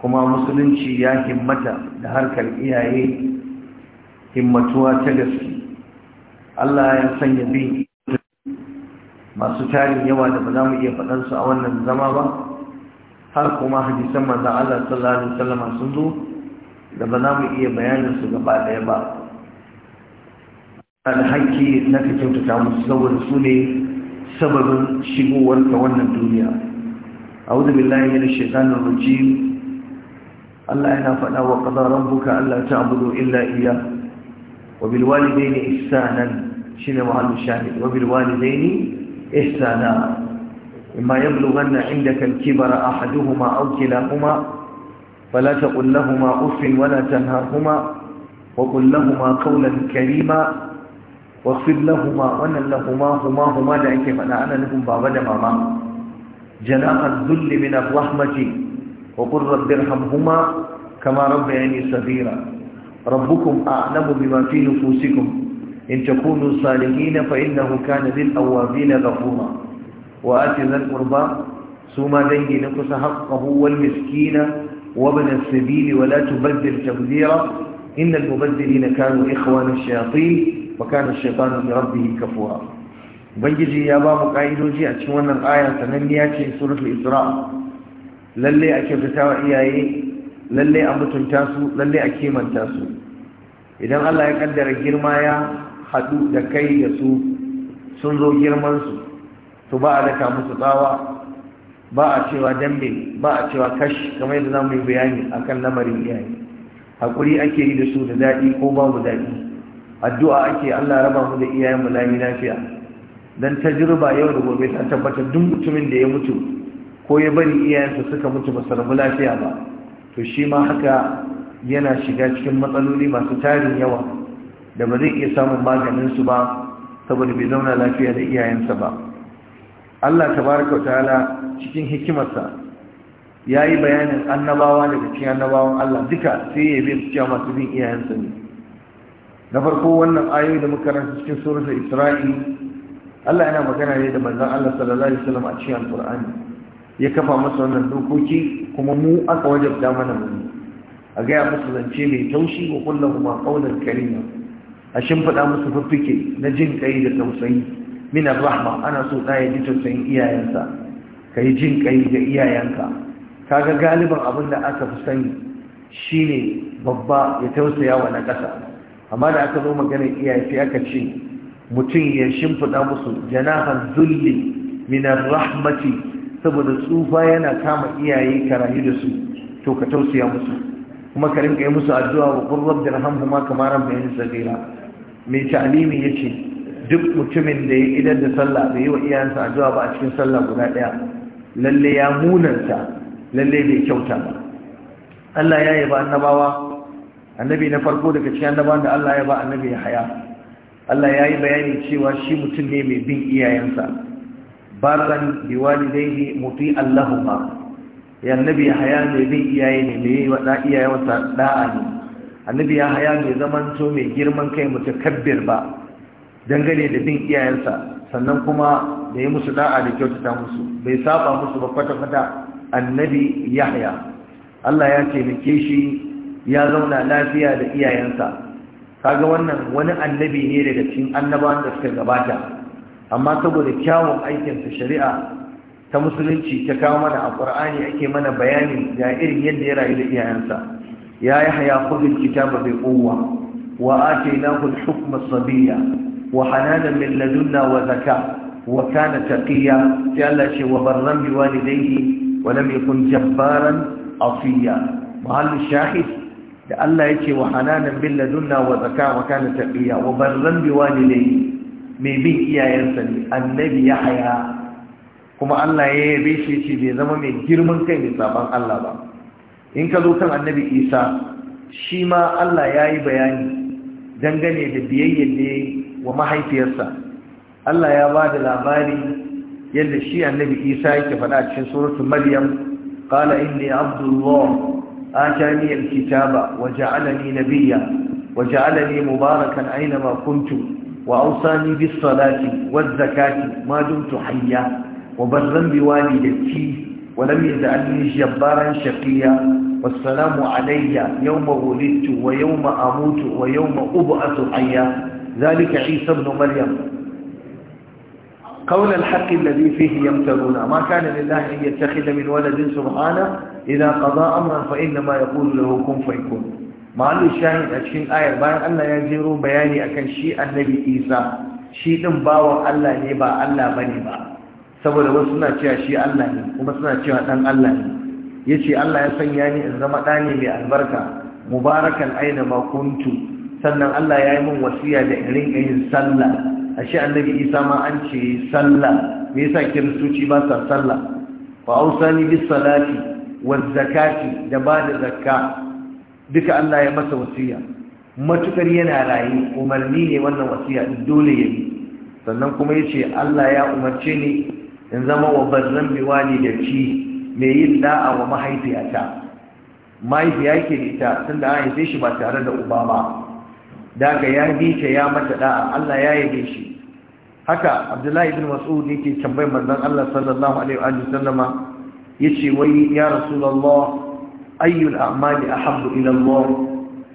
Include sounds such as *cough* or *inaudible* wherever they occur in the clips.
kuma musulunci ya himmata da harkar iyaye himmatuwa ta gaske Allah ya sanya bi masu tarin yawa da ba za mu iya faɗansu a wannan zama ba har kuma hadisan manzan Allah sallallahu alaihi wasallam sun zo da ba za mu iya bayanin su gaba ɗaya ba da haƙƙi na cikin kyautata musu saboda sune ne sababin shigowar ta wannan duniya a'udhu billahi minash shaitanir الرجيم Allah yana faɗa wa qada rabbuka alla ta'budu illa iyyah wa bil walidayni ihsanan shine mahallu shahid wa bil walidayni ihsana imma yablughanna 'indaka al-kibara ahaduhuma aw kilahuma فلا تقل لهما أف ولا تنهرهما وقل لهما قولا كريما واغفر لهما وانا لهما هما هما دعك فلا أنا لهم بابا ماما جناح الذل من الرحمة وقل رب ارحمهما كما ربياني صغيرا ربكم أعلم بما في نفوسكم إن تكونوا صالحين فإنه كان للأوابين غفورا وآت ذا القربى ثم دين نقص حقه والمسكين وابن السبيل ولا تبذل تبذيرا إن المبذلين كانوا إخوان الشياطين وكان الشيطان لربه كفورا ubangiji ya ba mu ƙa'idoji a cikin wannan aya sananniya ce suratul isra lalle a kyautata wa iyaye lalle a mutunta su lalle a kimanta su idan Allah ya kaddara girma ya haɗu da kai da su sun zo girman su to ba a daka musu tsawa ba a cewa dambe ba a cewa kash kamar yadda mu yi bayani a kan lamarin iyaye haƙuri ake yi da su da daɗi ko ba mu daɗi addu'a ake Allah raba mu da iyayen mu lami lafiya dan tajriba yau da gobe ta tabbatar duk mutumin da ya mutu ko ya bari iyayensa suka mutu ba sarfi lafiya ba to shi ma haka yana shiga cikin matsaloli masu tarin yawa da ba zai iya samun maganinsu ba saboda bai zauna lafiya da iyayensa ba Allah tabaraka ta'ala cikin hikimarsa ya yi bayanin annabawa daga cikin annabawan Allah duka sai ya bi cewa masu bin iyayensa ne na farko wannan ayoyi da muka rasa cikin suratul Isra'i Allah yana magana ne da manzon Allah sallallahu alaihi wasallam a cikin al ya kafa masa wannan dokoki kuma mu aka wajabta mana mu a gaya musu zance mai taushi wa kullum ma ƙaunar karima a shimfiɗa musu fiffike na jin ƙai da tausayi min rahma ana so da yi ji tausayin iyayensa yi jin ƙai ga iyayenka kaga galiban abin da aka fi sani shine babba ya tausaya wa na ƙasa amma da aka zo maganar iyaye sai aka ce mutum ya shimfiɗa musu janahan zulli min rahmati saboda tsufa yana kama iyaye ka rayu da su to ka tausaya musu kuma ka rinka yi musu addu'a wa qur rabbi irhamhuma kama rabbayani saghira mai ta'limi yace duk mutumin da ya idan da sallah bai yi wa iyayensa addu'a ba a cikin sallah guda daya lalle ya munanta lalle bai kyauta ba Allah ya yaba annabawa annabi na farko daga cikin annabawan da Allah ya ba annabi ya haya Allah ya yi bayani cewa shi mutum ne mai bin iyayensa bakan biwalidaihi muti allahuma ya ya haya mai bin iyaye ne mai wa da iyaye wata da'a ne annabi ya haya mai zaman so mai girman kai mutakabbir ba dangane da bin iyayensa sannan kuma da ya musu da'a da kyautata musu bai saba musu ba kwata-kwata annabi yahya Allah ya taimake shi ya zauna lafiya da iyayensa kaga wannan wani annabi ne daga cikin annabawan da suka gabata amma saboda kyawun aikinsa shari'a ta musulunci ta kawo mana a ƙur'ani ake mana bayani ga irin yadda ya rayu da iyayensa ya yi haya kudin kitaba bai kowa wa ake na kun hukma sabiya wa hananan min ladunna wa zaka wa kana taqiya sai Allah ce wa barran bi walidayhi wa lam yakun jabbaran asiya mahallu shahid da Allah yake wa hananan min ladunna wa zaka wa kana taqiya wa barran bi walidayhi mai bin iyayensa ne annabi ya haya kuma Allah ya yabe shi ce bai zama mai girman kai mai saban Allah ba in ka zo kan annabi isa shi ma Allah ya yi bayani dangane da biyayyar da wa mahaifiyarsa Allah ya ba da labari yadda shi annabi isa yake faɗa cikin suratul maryam qala inni abdullah atani alkitaba waja'alani nabiyya waja'alani mubarakan aina ma kuntu وأوصاني بالصلاة والزكاة ما دمت حيا وبرا بوالدتي ولم يجعلني جبارا شقيا والسلام علي يوم ولدت ويوم أموت ويوم أبعث حيا ذلك عيسى بن مريم قول الحق الذي فيه يمترون ما كان لله أن يتخذ من ولد سبحانه إذا قضى أمرا فإنما يقول له كن فيكون ma'alu shahid a cikin ayar bayan Allah ya jero bayani akan shi annabi Isa shi ɗin bawan Allah ne ba Allah bane ba saboda wasu suna cewa shi Allah ne kuma suna cewa ɗan Allah ne yace Allah ya sanya ni in zama ne mai albarka mubarakan aina ma kuntu sannan Allah ya yi min wasiya da in rinka yin sallah shi annabi Isa ma an ce sallah me yasa kiristoci ba sa sallah fa ausani bis salati waz zakati da ba da zakka duka Allah ya masa wasiya matukar yana raye umarni ne wannan wasiya dole ya yi sannan kuma ya ce Allah ya umarce ni in zama wa bazan biwani da ci mai yin da'a wa mahaifiyata mahaifiya yake da ita tun da haife shi ba tare da uba ba daga ya bi ta ya mata da'a Allah ya yabe shi haka Abdullahi ibn Mas'ud yake tambayar manzon Allah sallallahu alaihi wa sallama yace wai ya Rasulullah ayyul a'mali ahabbu ila Allah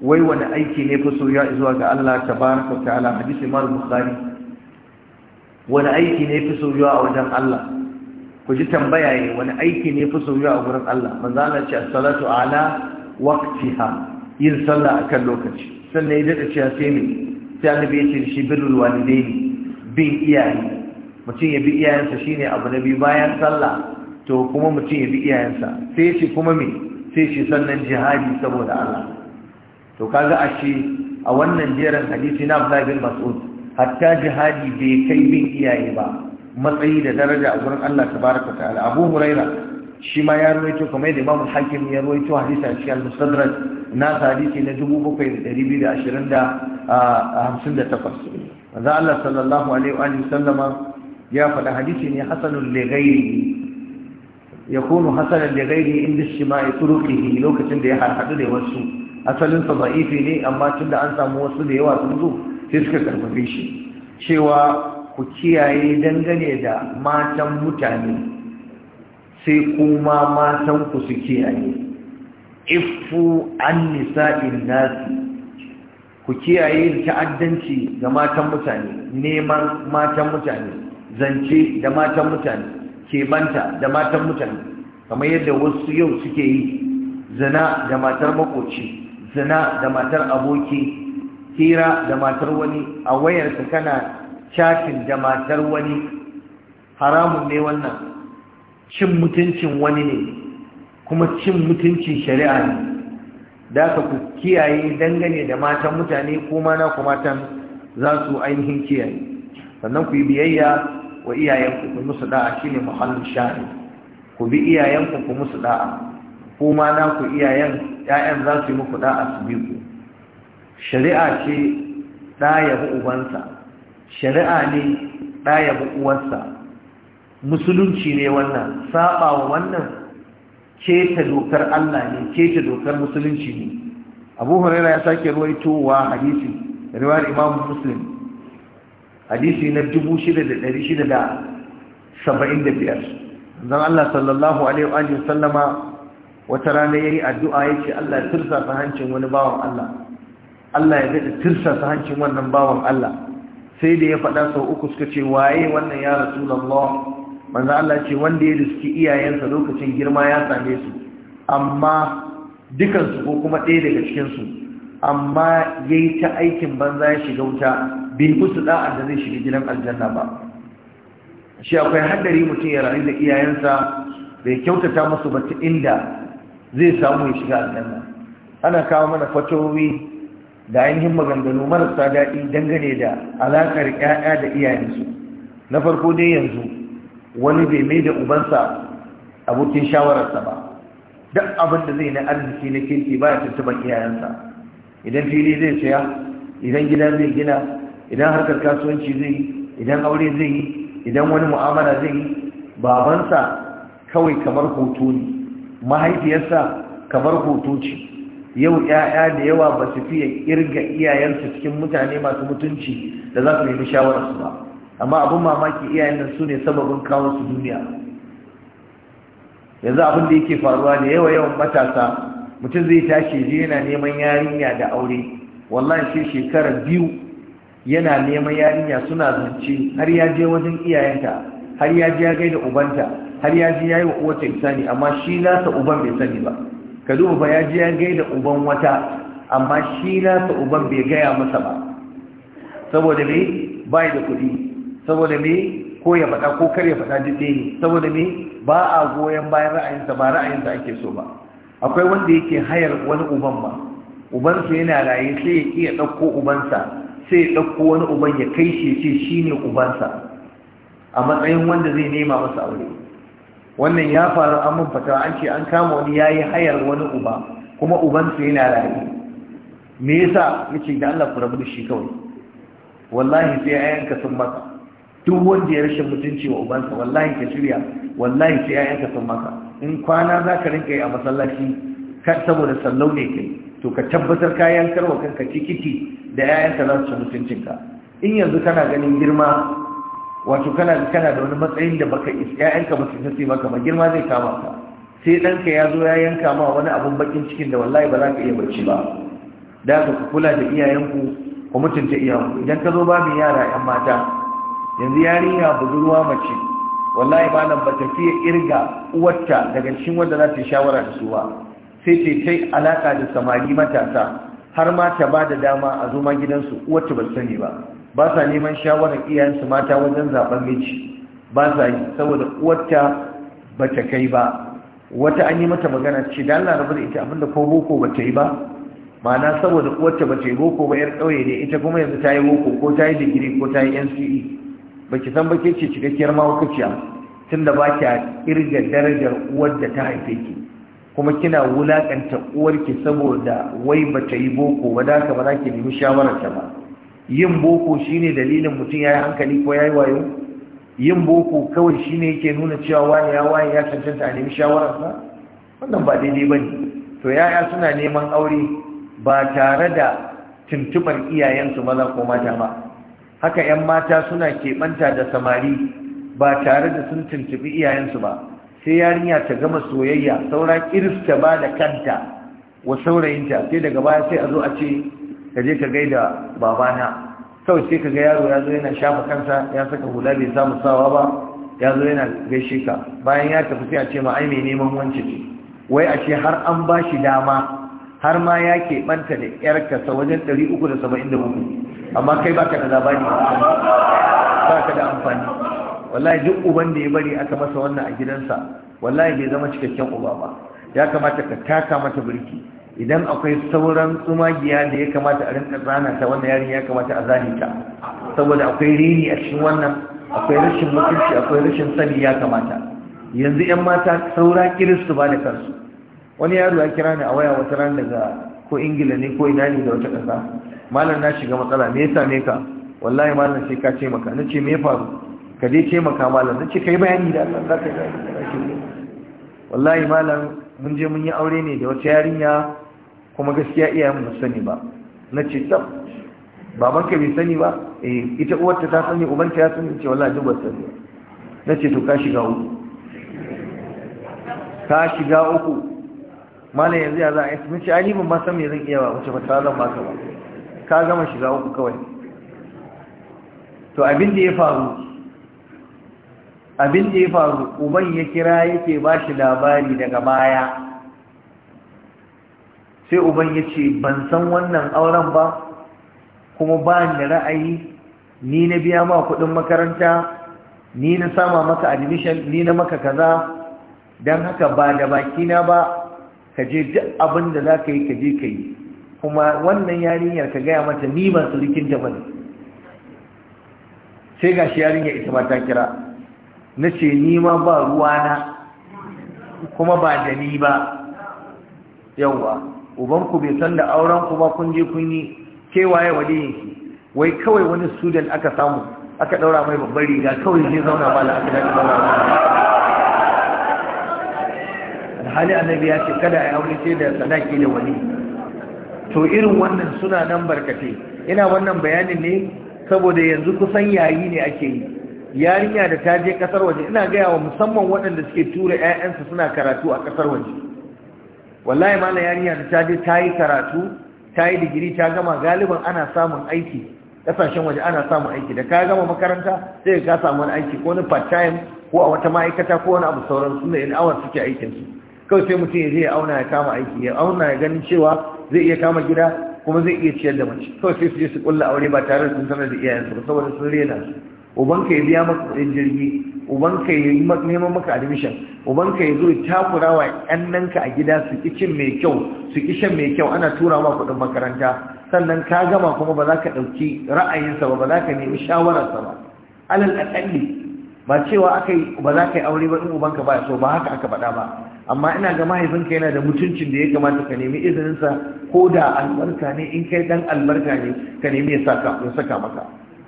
wai wani aiki ne fi ya zuwa ga Allah tabaraka wa ta'ala hadisi Imam Bukhari wani aiki ne fi soyuwa a wajen Allah ku ji tambaya ne wani aiki ne fi soyuwa a gurin Allah manzo Allah ce as-salatu ala waqtiha yin sallah akan lokaci sannan ya dada cewa sai ne sai annabi ya ce shi birrul walidaini bin iyaye mutum ya bi iyayensa shine abu na bi bayan sallah to kuma mutum ya bi iyayensa sai ya ce kuma me sai shi sannan jihadi saboda Allah to kaga ashe a wannan jeran hadisi na Abdullah bin Mas'ud hatta jihadi bai kai bin iyaye ba matsayi da daraja a gurin Allah tabaraka ta'ala Abu Huraira shi ma ya ruwaito kamar da Imam Hakim ya ruwaito hadisi a cikin Mustadrak na hadisi na 7258 manzo Allah sallallahu alaihi wa sallama ya faɗa hadisi ne hasanul li yakunu hasanan da gairi inda shima'i turuqihi lokacin da ya harhadu da wasu asalin sa ne amma tunda an samu wasu da yawa sun zo sai suka karfafe shi cewa ku kiyaye dangane da matan mutane sai kuma matan ku su kiyaye ifu an nisa'in nasi ku kiyaye ta'addanci ga matan mutane neman matan mutane zance da matan mutane Ke banta da matan mutane kamar yadda wasu yau suke yi zina da matar makoci zina da matar aboki hira da matar wani a wayarsa kana cakin da matar wani haramun ne wannan cin mutuncin wani ne kuma cin mutuncin shari'a ne da ka ku kiyaye dangane da matan mutane ko mana ku matan za su ainihin kiyaye sannan ku yi biyayya wa iyayenku ku musu da'a shine muhallin ku bi iyayenku ku musu da'a ku ma na ku iyayen ƴaƴan za su yi muku da'a su bi ku shari'a ce da ya bi ubansa shari'a ne da ya bi uwarsa musulunci ne wannan saba wa wannan keta dokar Allah ne keta dokar musulunci ne Abu Hurairah ya sake wa hadisi riwayar Imam Muslim hadisi na 6675 zan Allah sallallahu alaihi wa sallama wata rana yayi addu'a yace Allah ya tirsasa hancin wani bawan Allah Allah ya gada tirsasa hancin wannan bawan Allah sai da ya faɗa sau uku suka ce waye wannan ya rasulullah manzo Allah ce wanda ya riski iyayensa lokacin girma ya same su amma dukansu ko kuma ɗaya daga cikinsu amma yayi ta aikin banza ya shiga wuta bai kusa da'ar da zai shiga gidan aljanna ba shi akwai haddari mutum ya rayu da iyayensa bai kyautata musu ba ta inda zai samu ya shiga aljanna ana kawo mana fatowi da ainihin maganganu marasa daɗi dangane da alaƙar 'ya'ya da iyayensu na farko dai yanzu wani bai mai da ubansa abokin shawararsa ba duk abin da zai na arziki na kirki ba ya tuntuban iyayensa idan fili zai saya idan gida zai gina idan harkar kasuwanci zai yi idan aure zai yi idan wani mu'amala zai yi babansa kawai kamar hoto ne mahaifiyarsa kamar hoto ce yau 'ya'ya da yawa ba su fiye irga iyayensu cikin mutane masu mutunci da za su nemi shawararsu ba amma abin mamaki iyayen nan su ne sababin kawo su duniya yanzu abin da yake faruwa da yawa yawan matasa mutum zai tashi je yana neman yarinya da aure wallahi shi shekara biyu yana neman yarinya suna zance har ya je wajen iyayenta har ya je ya gaida ubanta har ya je ya yi wa uwata isani amma shi nasa uban bai sani ba ka duba ba ya je ya gaida uban wata amma shi nasa uban bai gaya masa ba saboda me bai da kuɗi saboda me ko ya faɗa ko kar ya faɗa duk ne saboda me ba a goyon bayan ra'ayinsa ba ra'ayinsa ake so ba akwai wanda yake hayar wani uban ba ubansa yana raye sai ya iya ɗauko ubansa sai ɗauko wani uban ya kai shi ce shi ne ubansa a matsayin wanda zai nema masa aure wannan ya faru an mun fata an ce an kama wani ya yi hayar wani uba kuma ubansa yana rayu me yasa ya ce da Allah ku rabu da shi kawai wallahi sai ayanka sun maka duk wanda ya rashin mutunci wa ubansa wallahi ka shirya wallahi sai ayanka sun maka in kwana za ka rinka yi a masallaci kan saboda sallau ne kai to ka tabbatar ka yankar wa kanka tikiti da yayanka za su mutuncinka in yanzu kana ganin girma wato kana kana da wani matsayin da baka yayanka ba su sai maka ba girma zai kama ka sai ɗanka ya zo ya yanka ma wani abun bakin cikin da wallahi ba za ka iya barci ba da ka kula da iyayenku ku mutunta iyayenku idan ka zo ba babin yara yan mata yanzu yarinya budurwa mace wallahi malam ba ta fiye irga uwarta daga cikin wanda za ta yi shawara da su ba sai ce kai alaka da samari matasa har ma ta ba da dama a zo ma gidansu uwarta ba sani ba ba sa neman shawarar iyayensu mata wajen zaben miji ba sa yi saboda uwarta ba ta kai ba wata an yi mata magana ce da Allah rabu da ita abinda ko boko ba ta yi ba ma'ana saboda uwarta ba ta yi boko ba yar kauye ne ita kuma yanzu ta yi boko ko ta yi digiri ko ta yi NCE baki san ba ke ce cikakkiyar mahaukaciya tunda ba kya kirga darajar uwar da ta haife ki kuma kina wulakanta uwarki saboda wai ba ta yi boko ba da ka ba za ki nemi shawarar ta ba yin boko shine dalilin mutum ya yi hankali ko ya yi wayo yin boko kawai shine yake nuna cewa wani ya waye ya cancanta a nemi shawarar sa wannan ba daidai ba ne. to yaya suna neman aure ba tare da tuntubar iyayensu maza ko mata ba haka 'yan mata suna keɓanta da samari ba tare da sun tuntubi iyayensu ba sai yarinya ta gama soyayya saura iris ba da kanta wa saurayinta sai daga baya sai a zo a ce ka je ka gaida babana kawai sai ka ga yaro ya zo yana shafa kansa ya saka hula bai samu sawa ba ya zo yana gaishe ka bayan ya tafi sai a ce ma ai mai neman wance ce wai a ce har an ba shi dama har ma ya ke keɓanta da yarka sa wajen 373 amma kai baka da labari ba ka da amfani wallahi duk uban da ya bari aka masa wannan a gidansa wallahi bai zama cikakken uba ba ya kamata ka taka mata birki idan akwai sauran tsumagiya da ya kamata a rinka zana ta wannan yarin ya kamata a zane ta saboda akwai rini a cikin wannan akwai rashin mutunci akwai rashin sani ya kamata yanzu yan mata saura kiristu ba da kansu wani yaro ya kira ni a waya wata ran daga ko ingila ne ko ina ne da wata kasa malam na shiga matsala me yasa me ka wallahi malam sai ka ce maka na ce me faru ka je taimaka malam na ce kai bayani da Allah za ka yi bayani wallahi malam mun je mun yi aure ne da wata yarinya kuma gaskiya iyayen mu sani ba na ce ta baban ka bai sani ba eh ita uwarta ta sani ubanta ya sani ce wallahi duk ba sani na ce to ka shiga uku ka shiga uku malam yanzu ya za a yi mun ce ai ban ma san me zan iya ba wace ba ta zan ba ka ba ka gama shiga uku kawai to abin da ya faru abin da ya faru uban ya kira yake ba shi labari daga baya sai uban ya ce ban san wannan auren ba kuma ba ni ra'ayi ni na biya ma kuɗin makaranta ni na sama maka admission ni na maka kaza don haka ba da bakina ba ka je duk abin da za ka yi ka je ka yi kuma wannan yarinyar ka gaya mata ni ban sulikin ta sai ga shi yarinyar ita ba ta kira na ce nima ba ruwa na kuma ba da ni ba yauwa ubanku bai san da auren ku ba kun je kun yi kewaye waliyinki wai kawai wani student aka samu aka daura mai babbar riga kawai zai zauna ba la aka daura ba alhali annabi ya ce kada a aure ce da sadaki da wani. to irin wannan suna nan barkate ina wannan bayanin ne saboda yanzu kusan yayi ne ake yi yarinya da ta je kasar waje ina gaya wa musamman waɗanda suke tura 'ya'yansa suna karatu a kasar waje wallahi ma na yarinya da ta je ta yi karatu ta yi digiri ta gama galiban ana samun aiki Ƙasashen waje ana samun aiki da ka gama makaranta sai ka samu wani aiki ko wani part time ko a wata ma'aikata ko wani abu sauran su ne in awar suke aikin su kawai sai mutum ya je ya auna ya kama aiki ya auna ya ganin cewa zai iya kama gida kuma zai iya ciyar da mace kawai sai su je su kulla aure ba tare da sun sanar da iyayensu ba saboda sun rena su ubanka ya biya maka kudin jirgi ubanka ya yi neman maka admission ubanka ya zo ya takura wa nanka a gida su ki cin mai kyau su ki shan mai kyau ana tura wa kudin makaranta sannan ka gama kuma ba za ka ɗauki ra'ayinsa ba ba za ka nemi shawararsa ba alal aƙalli ba cewa aka yi ba za ka yi aure ba in ubanka ba so ba haka aka faɗa ba amma ina ga mahaifinka yana da mutuncin da ya kamata ka nemi izininsa ko da albarka ne in kai dan albarka ne ka nemi ya saka maka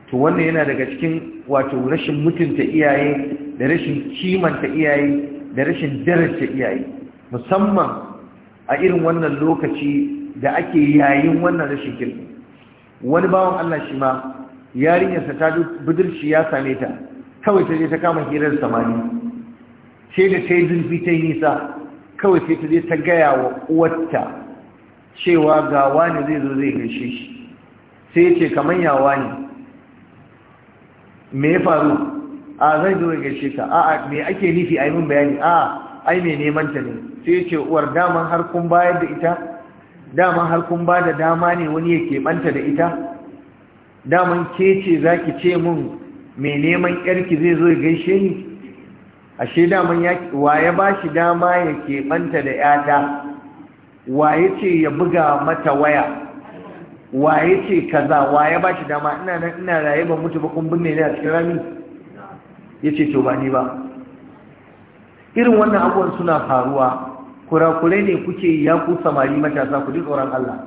to wannan yana daga cikin wato rashin mutunta iyaye da rashin kimanta iyaye da rashin darajar iyaye musamman a irin wannan lokaci da ake yayin wannan rashin kirki wani bawan Allah shi ma yarinyarsa ta budurci ya same ta kawai ta je ta kama hirar samani sai da ta yi zurfi ta yi nisa kawai sai ta je ta gaya wa uwarta cewa gawa ne zai zo zai gaishe shi sai ce kamar yawa ne me ya faru a zai zo gaishe ka A'a me ake nufi a yi min bayani a ai me neman ta ne sai ce uwar daman har kun bayar da ita daman har kun ba da dama ne wani ya keɓanta da ita daman ke ce za ki ce mun me neman yarki zai zo ya gaishe ni ashe daman ya wa ya ba shi dama ya keɓanta da ƴata wa ya ce ya buga mata waya waye ce kaza waye ba shi dama ina nan ina raye ban mutu ba kun binne ni a cikin rami yace to ba ni ba irin wannan abubuwan suna faruwa kurakurai ne kuke yi? ya ku samari matasa ku ji tsoron Allah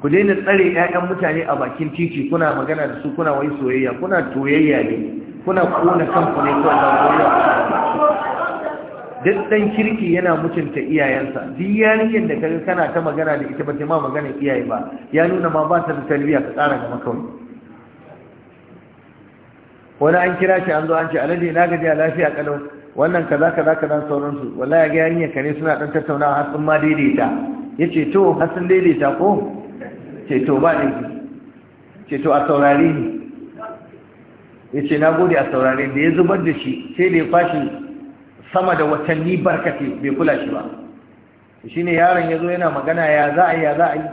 ku daina tsare 'ya'yan mutane a bakin titi kuna magana da su kuna wai soyayya kuna toyayya ne kuna kona kanku ne kawai ba duk dan kirki yana mutunta iyayensa duk yarinyar da kaga kana ta magana da ita ba ta ma magana iyaye ba ya nuna ma ba ta da tarbiyya ka tsara ga makawai wani an kira shi an zo an ce alade na gaji a lafiya kalau wannan kaza kaza kaza sauransu wallahi ga yarinyar ka ne suna dan tattaunawa har sun ma daidaita ya ce to har sun daidaita ko ce to ba ne ce to a saurare ni ce na gode a saurare da ya zubar da shi sai da ya fashi sama da watanni barkate bai kula shi ba shi ne yaron ya zo yana magana ya za a yi ya za a yi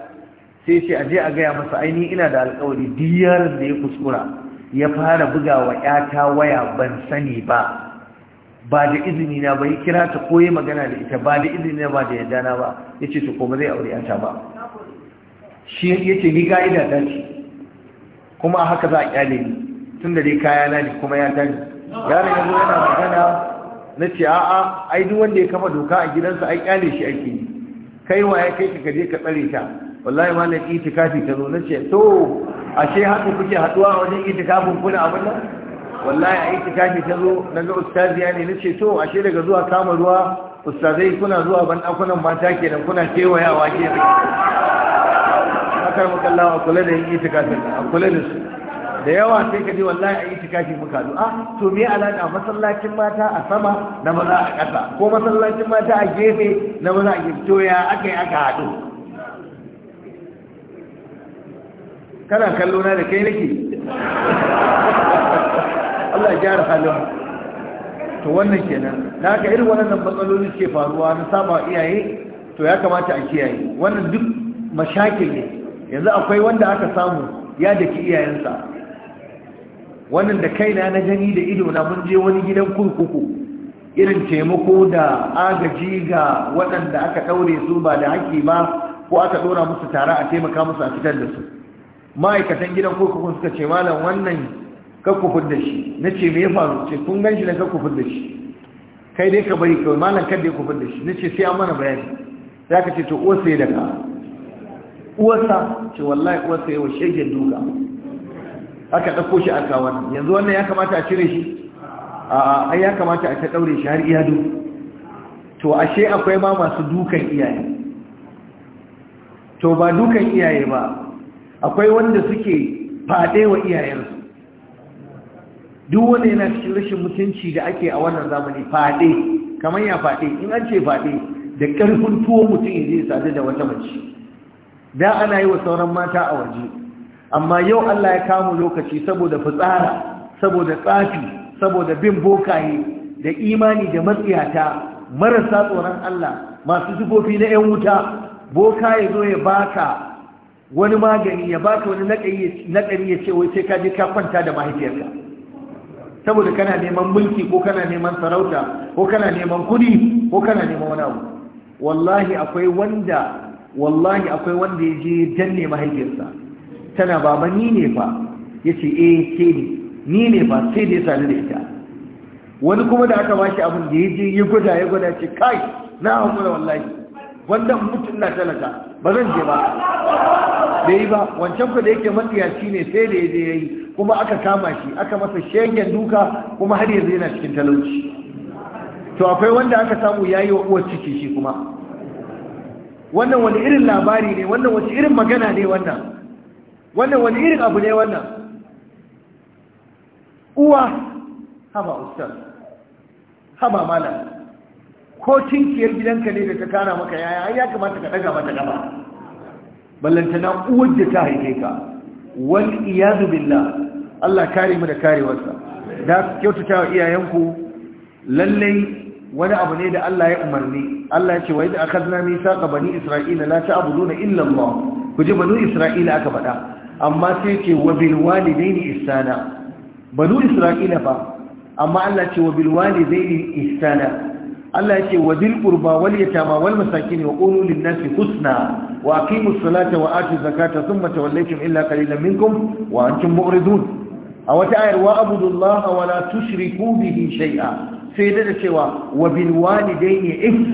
sai ce aje a gaya masa aini ina da alkawari diyar da ya kuskura ya fara buga wa ƴata waya ban sani ba ba da izini na ba kira ta ko ya magana da ita ba da izini na ba da yadda na ba ya ce to kuma zai aure ta ba shi ya ce ni ga'ida ta ce kuma haka za a kyale ni tun da dai kaya na ne kuma ya ne yaron ya zo yana magana na ce a'a ai duk wanda ya kafa doka a gidansa ai kyale shi ake yi kai ya kai ka je ka tsare ta wallahi ma na itikafi ta zo na ce to ashe haka kuke haduwa a wajen itikafin kuna abin nan wallahi a itikafi ta zo na ga ustaziya ne na ce to ashe daga zuwa kama ruwa ustazai kuna zuwa ban ɗakunan mata kenan kuna kewayawa kenan akar a kula da yin itikafin a kula da su da yawa sai ka ji wallahi a yi itikafi muka du'a ah, to me alaka masallacin mata a sama na maza a ƙasa ko masallacin mata a gefe na maza a gefe to ya aka yi aka haɗu kana kallo na da kai nake *laughs* Allah ya gyara halin to wannan kenan da haka irin wannan matsaloli ke faruwa na saba iyaye to ya kamata a kiyaye wannan duk mashakil ne yanzu akwai wanda aka samu ya daki iyayensa wannan da kaina na gani da ido na mun je wani gidan kurkuku irin taimako da agaji ga waɗanda aka ɗaure su ba da haƙƙi ba ko aka ɗora musu tare a taimaka musu a fitar da su ma'aikatan gidan kurkukun suka ce malam wannan kakkufin da shi na ce me ya faru ce kun gan shi na kakkufin da shi kai dai ka bari kawai malam kan da ya kufin da shi na ce sai an mana bayani za ka ce to uwarsa ya daga sa, ce wallahi uwa ya wa shege duka aka ɗauko shi a wannan yanzu wannan ya kamata a cire shi a ya kamata a ta ɗaure shi har iyado to ashe akwai ma masu dukan iyaye to ba dukan iyaye ba akwai wanda suke faɗe wa iyayensu duk wanda yana cikin rashin mutunci da ake a wannan zamani faɗe kamar ya faɗe in an ce faɗe da ƙarfin tuwo mutum ya je sadu da wata mace da ana yi wa sauran mata a waje amma yau Allah ya kamu lokaci saboda fitsara saboda tsafi saboda bin bokaye da imani da matsiyata marasa tsoron Allah masu zubofi na 'yan wuta boka ya zo ya baka wani magani ya baka wani naƙari ya ce sai ka je kwanta da mahaifiyarka saboda kana neman mulki ko kana neman sarauta ko kana neman kudi ko kana neman wani abu wallahi akwai wanda wallahi akwai wanda ya je danne mahaifiyarsa tana baba ni ne fa ce eh ke ne ni ne fa sai dai sani da ita wani kuma da aka bashi abin da je ya gwada ya gwada ce kai na hakura wallahi wannan mutum na talaka ba zan je ba da yi ba wancan ku da yake matsiyaci ne sai da ya je ya yi. kuma aka kama shi aka masa shengen duka kuma har yanzu yana cikin talauci to akwai wanda aka samu ya yi wa uwar ciki shi kuma wannan wani irin labari ne wannan wani irin magana ne wannan wannan wani irin abu ne wannan uwa haba ustaz haba malam ko cinkiyar gidanka ne da ta kara maka yaya ya kamata ka daga mata gaba ballantana uwar da ta haife ka wal iyadu billah Allah kare mu da karewarsa da kyautata wa iyayenku lallai wani abu ne da Allah ya umarni Allah ya ce wa idza akhadna mithaqa bani isra'ila la ta'buduna illa Allah ku ji bani isra'ila aka faɗa amma sai ce wa bil walidaini ihsana banu isra'ila ba. amma Allah ce wa bil walidaini ihsana Allah ce wa dil qurba wal yatama wal ne wa qulu lin husna wa aqimus salata wa atu zakata thumma tawallaytum illa qalilan minkum wa antum mu'ridun a wata ayar wa abudullaha wa la tushriku bihi shay'a sai da cewa wa bil walidaini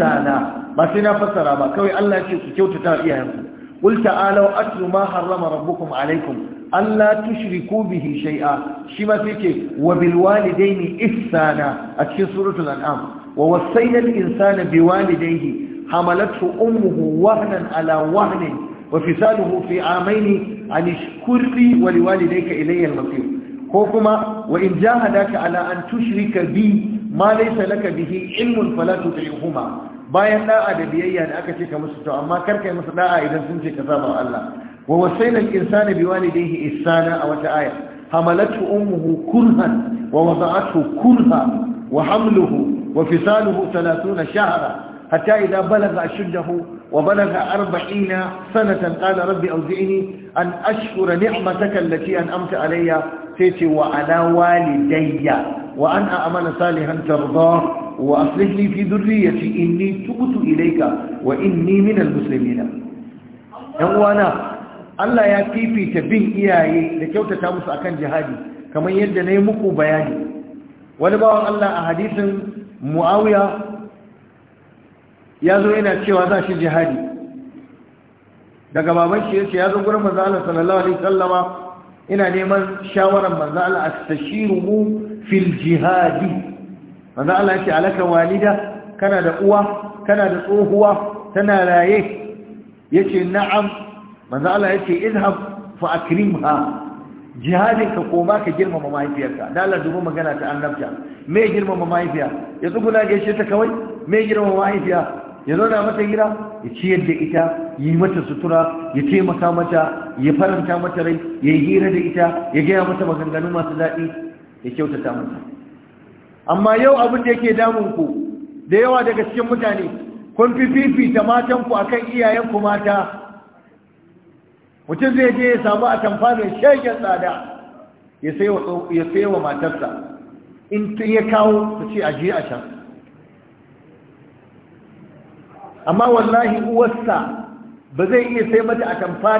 ba sai na fassara ba kawai Allah ce ku kyautata iyayenku قل تعالوا أتل ما حرم ربكم عليكم ألا تشركوا به شيئا شما فيك وبالوالدين إحسانا أتشي سورة الأنعام ووصينا الإنسان بوالديه حملته أمه وهنا على وهن وفصاله في عامين عن اشكر لي ولوالديك إلي المصير حكما وإن جاهدك على أن تشرك بي ma salaka laka bihi ilmun fala tuti'huma bayan da'a da biyayya da aka ce ka musu to amma kar kai musu da'a idan sun ce ka saba Allah wa wasaina al-insana biwalidayhi ihsana a wata aya hamalatu ummuhu kurhan wa wada'athu kurha wa hamluhu wa fisaluhu 30 shahra حتى إذا wa أشده وبلغ أربعين سنة قال ربي أوزعني أن أشكر نعمتك التي alayya علي wa ala walidayya وأن أعمل صالحا ترضاه وأصلح لي في ذريتي إني تبت إليك وإني من المسلمين يوانا الله يا كيفي تبين إياي لكي تتامس أكن جهادي كما يدني مكو بياني ولبعض الله أحاديث معاوية yazo yana cewa za shi jihadi daga baban shi yace yazo gurin manzo Allah sallallahu alaihi wasallama ina neman shawaran manzo Allah astashiru fil jihadi manzo Allah yace alaka walida kana da uwa kana da tsohuwa tana raye yace na'am manzo Allah ya ce izhab fa akrimha jihadin ka koma ka girmama mahaifiyarta. da Allah dubu magana ta annabta me girmama mahaifiya ya tsuguna gaishe ta kawai me girmama mahaifiya ya zauna mata gida ya ciyar da ita yi mata sutura ya taimaka mata ya faranta mata rai ya yi hira da ita ya gaya mata maganganu masu daɗi ya kyautata masa amma yau abin da yake damun ku da yawa daga cikin mutane kun fi fifita matanku a akan iyayenku mata mutum zai je ya samu a mai shegen tsada ya sai wa matarsa in tun ya kawo su ce a je a can amma wallahi uwarsa ba zai iya sai mata atamfa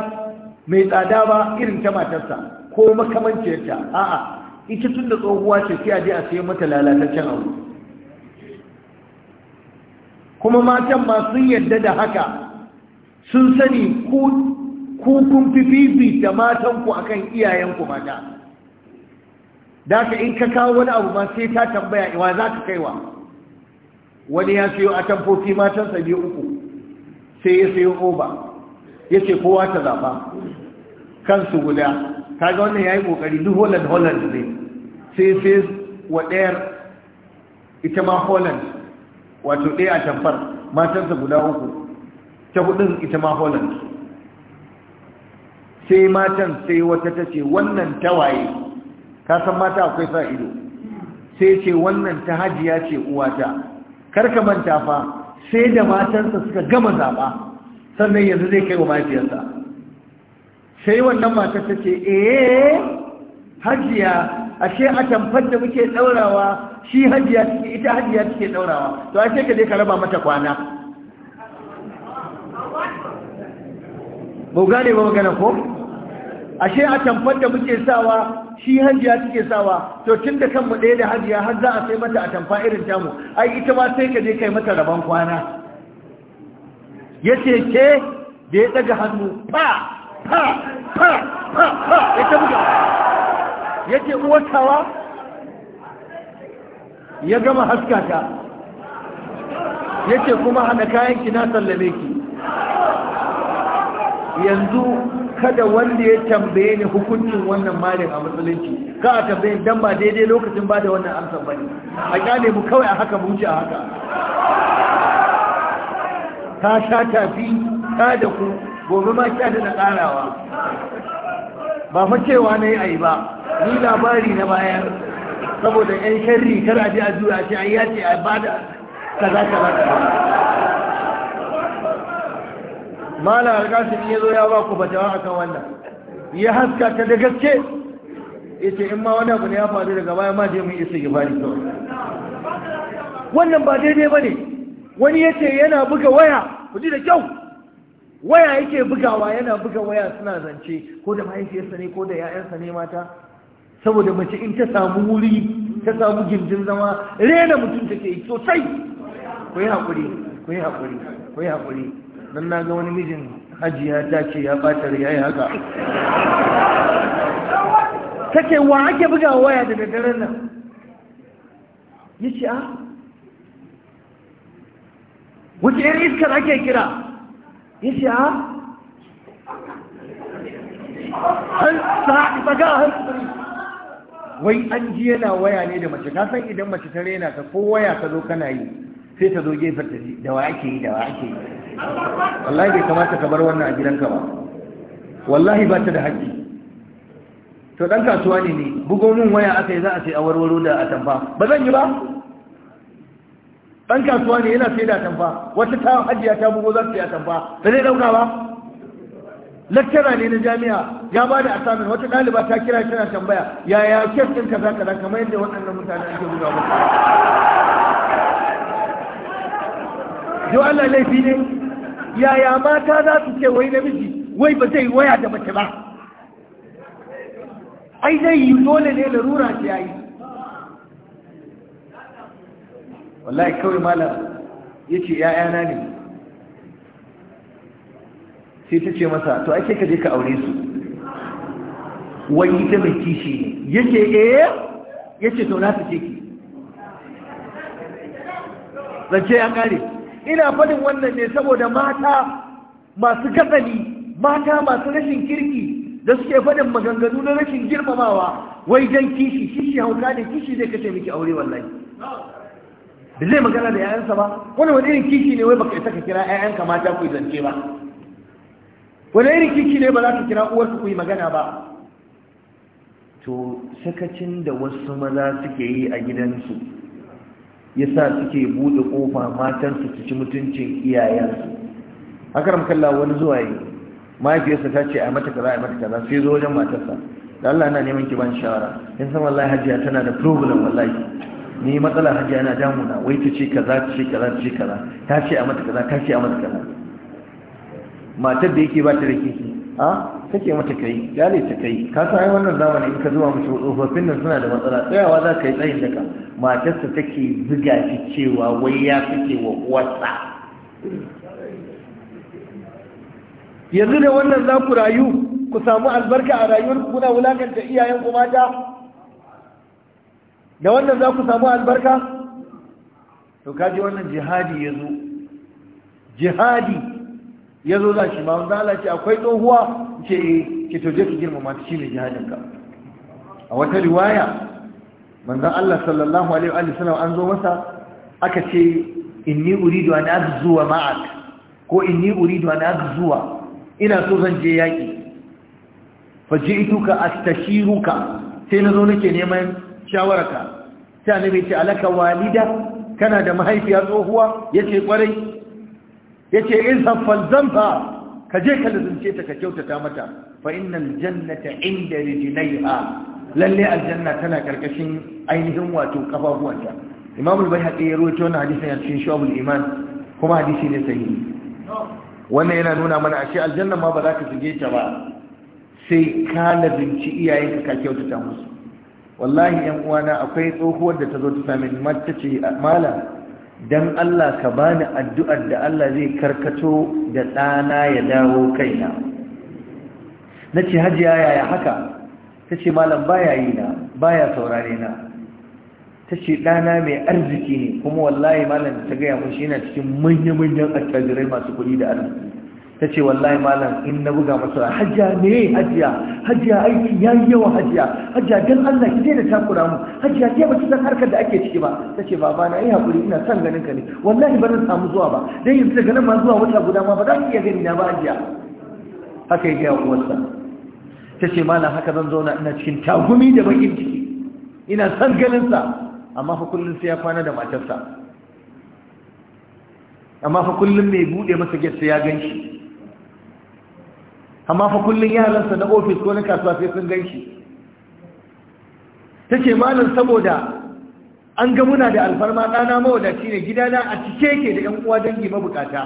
mai tsada ba irin ta matarsa ko makamanciyarta a'a ita tun da tsohuwa ce sai a je a sayi mata lalataccen abu kuma matan ma sun yadda da haka sun sani ku kun fi fifi da matanku akan iyayenku mata da ka in ka kawo wani abu ma sai ta tambaya iwa za ka kaiwa wani ya sayo a tamfofi matansa biyu uku sai ya sayo oba yace kowa ta zaba kansu guda kaga wannan yayi kokari duk Holland Holland ne sai sai wa ɗayar ita ma Holland wato ɗaya a tamfar matarsa guda uku ta hudun ita ma Holland sai matan sai wata ta ce wannan tawaye ka san mata akwai sa ido sai ce wannan ta hajiya ce uwata karka manta fa sai da matarsa suka gama zaba sannan yanzu zai kai wa mahaifiyarsa sai wannan matar ta ce eh hajiya ashe a tamfar da muke daurawa shi hajiya take ita hajiya take daurawa to ashe ka je ka raba mata kwana Mu gane ba magana ko ashe a tamfar da muke sawa shi hajiya take sawa to tun da kanmu ɗaya da hajiya har za a sai mata a tamfa irin tamu ai ita ma sai ka je kai mata raban kwana ya ce ke da ya daga hannu ba fa fa fa fa ya ta buga ya ce uwatawa ya gama haskata ya ce kuma hana kayan ki na sallame ki yanzu kada wanda ya tambaye ni hukuncin wannan malin a musulunci ka a tambaye dan ba daidai lokacin ba da wannan amsar bane a kyale mu kawai a haka mu a haka ta sha tafi ta da ku gobe ma sha da karawa ba macewa na yi a yi ba ni labari na bayan saboda yan shari kar a ji a juya ce an yace a ba da kaza kaza kaza mala alƙasiri ya zo ya ba ku fatawa akan wannan ya haska ta da gaske ya ce in ma wani abu ne ya faru daga baya ma je mu isa gifari to wannan ba daidai ba ne wani ya ce yana buga waya ku ji da kyau waya yake bugawa yana buga waya suna zance ko da mahaifiyarsa ne ko da 'ya'yansa ne mata saboda mace in ta samu wuri ta samu gindin zama rena mutum take yi sosai ko yi haƙuri ko yi haƙuri ko yi haƙuri don na ga wani mijin hajji ta ce ya ɓatar ya yi haka take wa ake buga waya daga daren nan ya ce a ah, wace iskar ake kira yace ah? wai an ji yana waya ne da mace kasan idan mace ta rena ta ko waya ta zo kana yi sai ta zo gefen ta ji da wa ke yi da wa ke yi wallahi bai kamata ka bar wannan a gidanka ba wallahi ba ta da haƙƙi to dan kasuwa ne ne bugo min waya aka yi za a sai a warwaro da a atamfa ba zan yi ba Ɗan kasuwa ne yana sai da tamfa wata ta hajiya ta bugo za ta yi tamfa ba zai dauka ba lakkara ne na jami'a ya ba da asamin wata ɗaliba ta kira tana tambaya yaya kes ɗin kaza kaza kamar yadda waɗannan mutane ake buga musu yau Allah laifi ne yaya mata za su ce wai namiji wai ba zai waya da mace ba ai zai yi dole ne larura ce yayi wallahi kawai malam ya ce ‘ya'yana ne sai ta ce masa to ake ka je ka aure su wani ta mai kishi ne ya ce eh ya ce to na su ce ki zance ya kare ina faɗin wannan ne saboda mata masu gatsali mata masu rashin kirki da suke faɗin maganganu na rashin girmamawa wai don kishi kishi hauka ne kishi zai kashe miki aure wallahi da zai magana da 'ya'yansa ba wani wani irin kishi ne wai baka isa ka kira 'ya'yanka mata ku zance ba wani irin kishi ne ba za ka kira uwar ku yi magana ba to sakacin da wasu maza suke yi a gidansu yasa suke buɗe ƙofa matansu su ci mutuncin iyayensu akaram kalla wani zuwa yi mahaifiyarsa ta ce a mata kaza a mata kaza sai zo wajen matarsa da Allah na neman ki ban shawara in san wallahi hajiya tana da problem wallahi ni matsala hajji yana damuna wai ta ce kaza ta ce kaza ta ce kaza ta ce a mata kaza ta ce a mata kaza matar da yake ba ta rake ki a ke mata kai gale ta kai ka san ai wannan zamani in ka zuwa musu tsofaffin nan suna da matsala tsayawa za ka yi tsayin daga matarsa take ziga shi cewa wai ya fice wa uwarsa yanzu da wannan za ku rayu ku samu albarka a rayuwar kuna wulakanta iyayen kuma ta da wannan za ku samu albarka to kaji wannan jihadi ya zo jihadi ya zo za shi ma wanda ce akwai tsohuwa ce ke eh, toje ki mata shi ne jihadin ka a wata riwaya manzan Allah sallallahu alaihi wa sallam an zo masa aka ce inni wani an zuwa ma'ak ko inni wani an zuwa. ina so zan je yaki faji'tuka astashiruka sai na zo nake neman shawararka sai annabi ce alaka walida kana da mahaifiya tsohuwa yace kwarai yace in saffal ba. ka je ka lazunce ta ka kyautata mata fa innal jannata inda rijlaiha lalle aljanna tana karkashin ainihin wato kafafuwanta imam al-bayhaqi ya rawaito wannan hadisin ya cikin shu'abul iman kuma hadisi ne sahihi wannan yana nuna mana ashe aljanna ma ba za ka shige ta ba sai ka lazunci iyayenka ka kyautata musu wallahi yan uwana akwai tsohuwar da ta zo ta sami mata ce malam dan Allah ka bani addu'ar da Allah zai karkato da ɗana ya dawo kaina nace hajiya yaya haka tace malam baya yi na baya saurare na tace ɗana mai arziki ne kuma wallahi malam ta gaya mun shi yana cikin manya-manyan attajirai masu kuɗi da arziki ta ce wallahi malam in na buga masu masa hajjiya me hajjiya hajjiya aiki ya yi yawa hajjiya hajjiya don allah ki da takura mu hajjiya ke baki san harkar da ake ciki ba ta ce ba na yi haƙuri ina son ganin ka ne wallahi ba na samu zuwa ba don yanzu daga nan ma zuwa wata guda ma ba za ki iya gani na ba hajjiya haka ya gaya uwarsa ta ce malam haka zan zauna ina cikin tagumi da bakin ciki ina son ganin sa amma fa kullum sai ya kwana da matarsa amma fa kullum mai bude masa gate ya gan shi amma fa kullun yaransa na ofis ko na kasuwa sai sun ganshi. shi tace malam saboda an ga muna da alfarma ɗana mawadaci ne gidana a cike yake da 'yan uwa dangi mabukata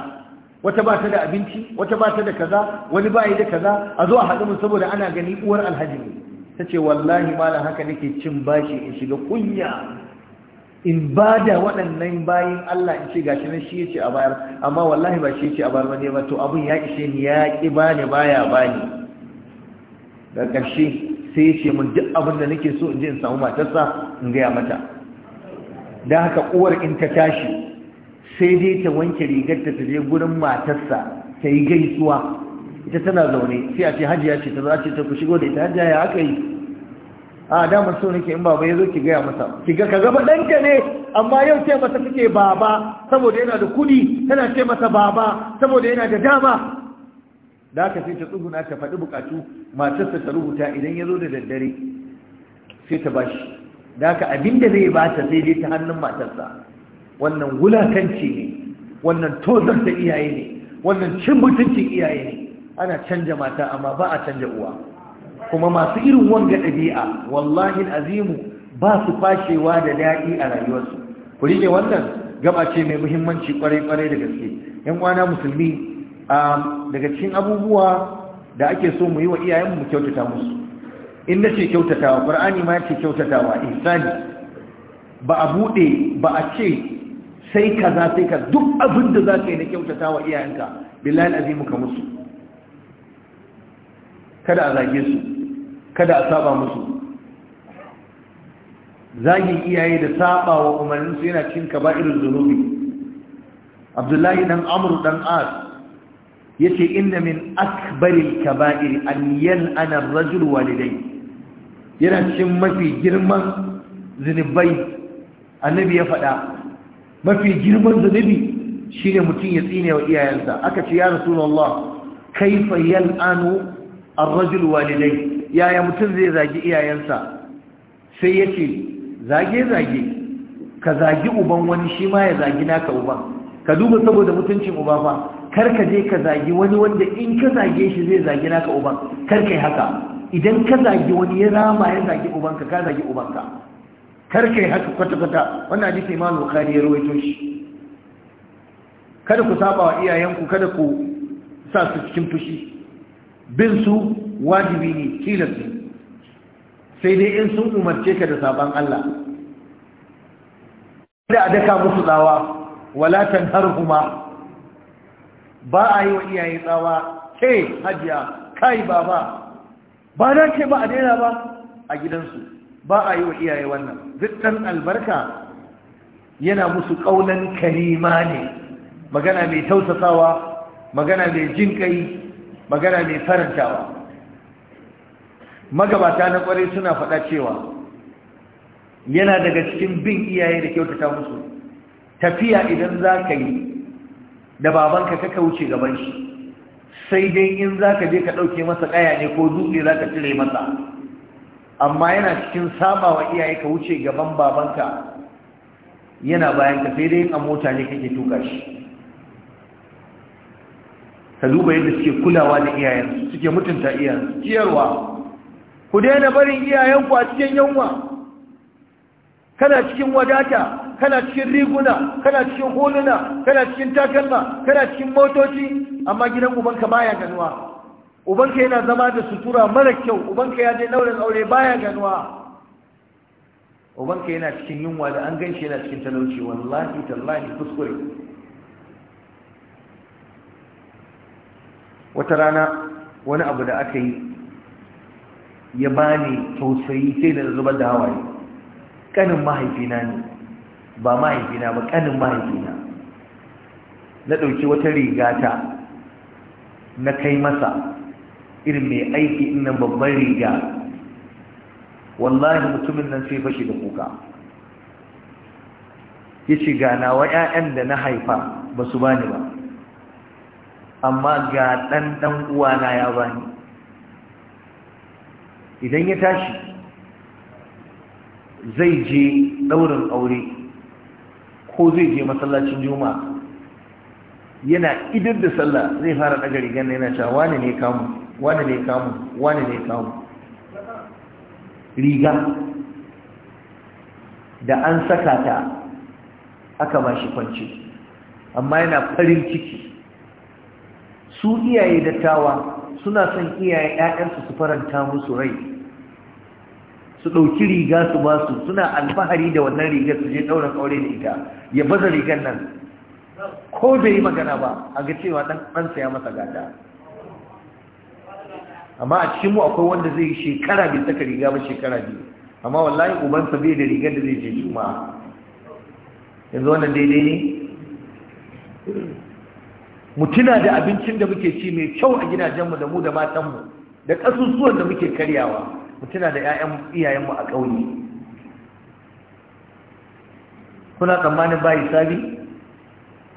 wata ba ta da abinci wata ba ta da kaza wani ba yi da kaza a zo a haɗu mu saboda ana gani uwar alhaji ne ta ce wallahi malam haka nake cin bashi in shiga kunya in ba da waɗannan bayan Allah in ce shi nan shi ce a bayar amma wallahi ba shi ce a bayar ne ba to abin ya ishe ni ya ba ba ya ba bani da ƙarshe sai ce min duk abin da nake so in je in samu matarsa in gaya mata da haka uwar in ta tashi sai dai ta wanke rigar ta je gurin matarsa ta yi gaisuwa ita tana zaune sai a ce hajiya ce ta za ce ta ku shigo da ita hajiya ya aka yi a damar so nake in baba ya zo ki gaya masa ki ga kaga ɗanka ne amma yau ce masa kake baba saboda yana da kuɗi tana ce masa baba saboda yana da dama da aka sai ta tsuguna ta faɗi bukatu matarsa ta rubuta idan ya zo da daddare sai ta bashi da aka abinda zai bata sai dai ta hannun matarsa wannan wulakanci ne wannan tozar ta iyaye ne wannan cin mutuncin iyaye ne ana canja mata amma ba a canja uwa kuma masu irin wanga ɗabi'a wallahi azimu ba su fashewa da daɗi a rayuwarsu ku rike wannan gaba ce mai muhimmanci kwarai-kwarai da gaske yan kwana musulmi daga cikin abubuwa da ake so mu yi wa iyayenmu mu kyautata musu in na ce kyautatawa qur'ani ma ce kyautatawa insani ba a buɗe ba a ce sai kaza sai ka duk abin da za ka yi na kyautatawa iyayenka billahi azimu ka musu kada a zage su kada a saba musu zagin iyaye da saba wa umarninsu yana cin kaba'irul zunubi abdullahi dan amru dan as ce inna min akbaril kaba'ir an yal'ana ar-rajul walidai yana cin mafi girman zunubai annabi ya faɗa mafi girman zunubi ne mutum ya tsine wa iyayensa aka ce ya rasulullah kaifa yal'anu an rajul walidai yaya mutum zai zagi iyayensa sai ya ce zage-zage ka zagi uban wani shi ma ya zagi naka uban ka duba saboda mutuncin uba fa kar ka je ka zagi wani wanda in ka zage shi zai zagi naka uban kar kai haka idan ka zagi wani ya rama ya zagi ubanka ka zagi ubanka kar kai haka kwata-kwata wannan hadisi ma bukhari ya rawaito shi kada ku saba wa iyayenku kada ku sa su cikin fushi bin su wajibi ne tilasti sai dai in sun umarce ka da sabon Allah da a daka musu tsawa wala kuma. ba a yi wa iyaye tsawa ke hajiya kai baba ba na ce ba a daina ba a gidansu ba a yi wa iyaye wannan dukkan albarka yana musu ƙaunan karima ne magana mai tausasawa magana mai jin ƙai magana mai farantawa magabata na kwarai suna faɗa cewa yana daga cikin bin iyaye da kyautata musu tafiya idan za ka yi da babanka ka kauce gaban shi sai dai in za ka je ka ɗauke masa ƙaya ne ko dutse za ka cire masa amma yana cikin sabawa iyaye ka wuce gaban babanka yana bayan ka sai dai a mota ne kake tuka shi ka duba yadda suke kulawa da iyayensu suke mutunta iyayensu ciyarwa ku daina barin iyayenku a cikin yunwa kana cikin wadata kana cikin riguna kana cikin huluna kana cikin takalma kana cikin motoci amma gidan ubanka baya ganuwa ubanka yana zama da sutura mara kyau ubanka ya je naurin aure baya ganuwa ubanka yana cikin yunwa da an ganshi yana cikin talauci wallahi tallahi kuskure wata rana wani abu da aka yi ya bani tausayi sai da zubar da hawaye kanin mahaifina ne ba mahaifina ba kanin mahaifina na ɗauki wata rigata na kai masa irin mai aiki innan babban riga wallahi mutumin nan sai fashi da kuka ya ce ga nawa 'ya'yan da na haifa ba su bani ba amma ga ɗan ɗan uwana ya bani idan ya tashi zai je ɗaurin aure ko zai je masallacin juma'a yana idar da sallah zai fara ɗaga rigar na yana cewa wane ne kamun wane ne kamun wane ne kamun riga da an saka ta aka ba shi kwanci amma yana farin ciki su iyaye dattawa suna son iyaye ƴaƴansu su faranta musu rai su ɗauki riga su ba su suna alfahari da wannan rigar su je ɗaurin aure da ita ya baza rigar nan ko bai yi magana ba a ga cewa ɗansa ya masa gada amma a cikin mu akwai wanda zai yi shekara bai saka riga ba shekara biyu amma wallahi ubansa bai da rigar da zai je juma'a yanzu wannan daidai ne mu tuna da abincin da muke ci mai kyau a gidajenmu da mu da matanmu da ƙasusuwan da muke karyawa mu tuna da iyayenmu a ƙauye kuna tsammanin bayi sabi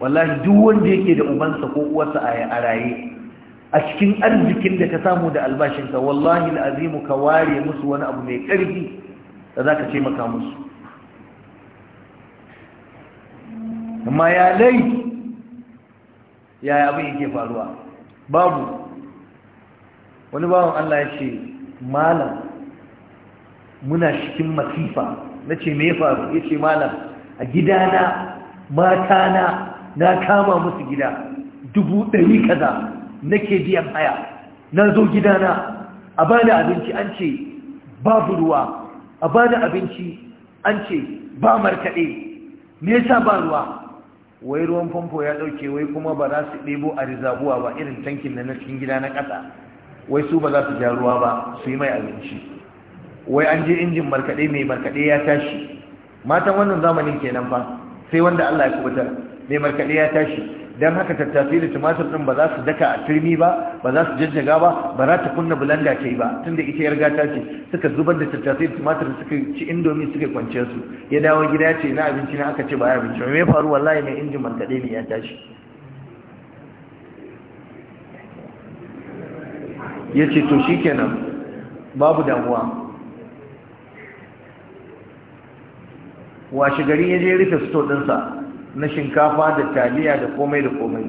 wallahi duk wanda yake da ubansa ko uwarsa a raye a cikin arzikin da ka samu da albashinka wallahi al'azimu ka ware musu wani abu mai ƙarfi da za ka taimaka musu amma ya lai yaya abin yake faruwa babu wani bawan Allah ya ce malam muna cikin masifa na ce me faru ya ce malam a gidana mata na na kama musu gida dubu ɗari kaza nake biyan haya na zo gidana a bani abinci an ce babu ruwa a bani abinci an ce ba markaɗe me yasa ba ruwa wai ruwan famfo ya ɗauke wai kuma ba za su ɗebo a rizabuwa ba irin tankin da na cikin gida na ƙasa wai su ba za su ja ruwa ba su yi mai abinci wai an je injin markaɗe mai markaɗe ya tashi matan wannan zamanin kenan fa sai wanda Allah ya kubutar mai markaɗe ya tashi don haka tattafi da tumatir ɗin ba za su daka a turmi ba ba za su jajjaga ba ba za ta kunna bulanda ta yi ba tunda ita yar gata ce suka zubar da tattafi da tumatir suka ci indomi suka kwance su ya dawo gida ya ce na abinci na aka ce ba ya abinci ba me faru wallahi mai injin markaɗe ne ya tashi ya ce to shikenan babu damuwa washe gari ya je rufe sito dinsa. na shinkafa da taliya da komai da komai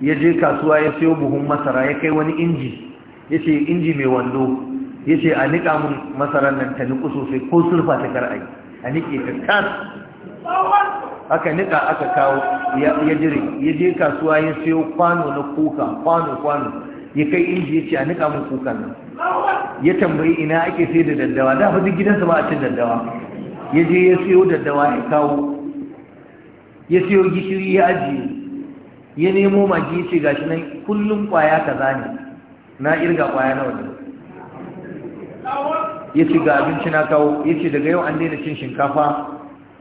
ya je kasuwa ya sayo buhun masara ya kai wani inji ya ce inji mai wando ya ce a niƙa mun masarar nan ta niƙu sosai ko sulfa ta kar'ai a niƙe ta kas aka niƙa aka kawo ya jire ya je kasuwa ya sayo kwano na kuka kwano kwano ya kai inji ya ce a niƙa mun kuka nan ya tambayi ina ake sai da daddawa da fa duk gidansa ba a cin daddawa ya je ya sayo daddawa ya kawo ya siyo gishiri ya ajiye ya nemo magi ce gashi nan kullum kwaya ka zane, na irga kwaya nawa ne ya ce ga abinci na kawo ya ce daga yau an daina cin shinkafa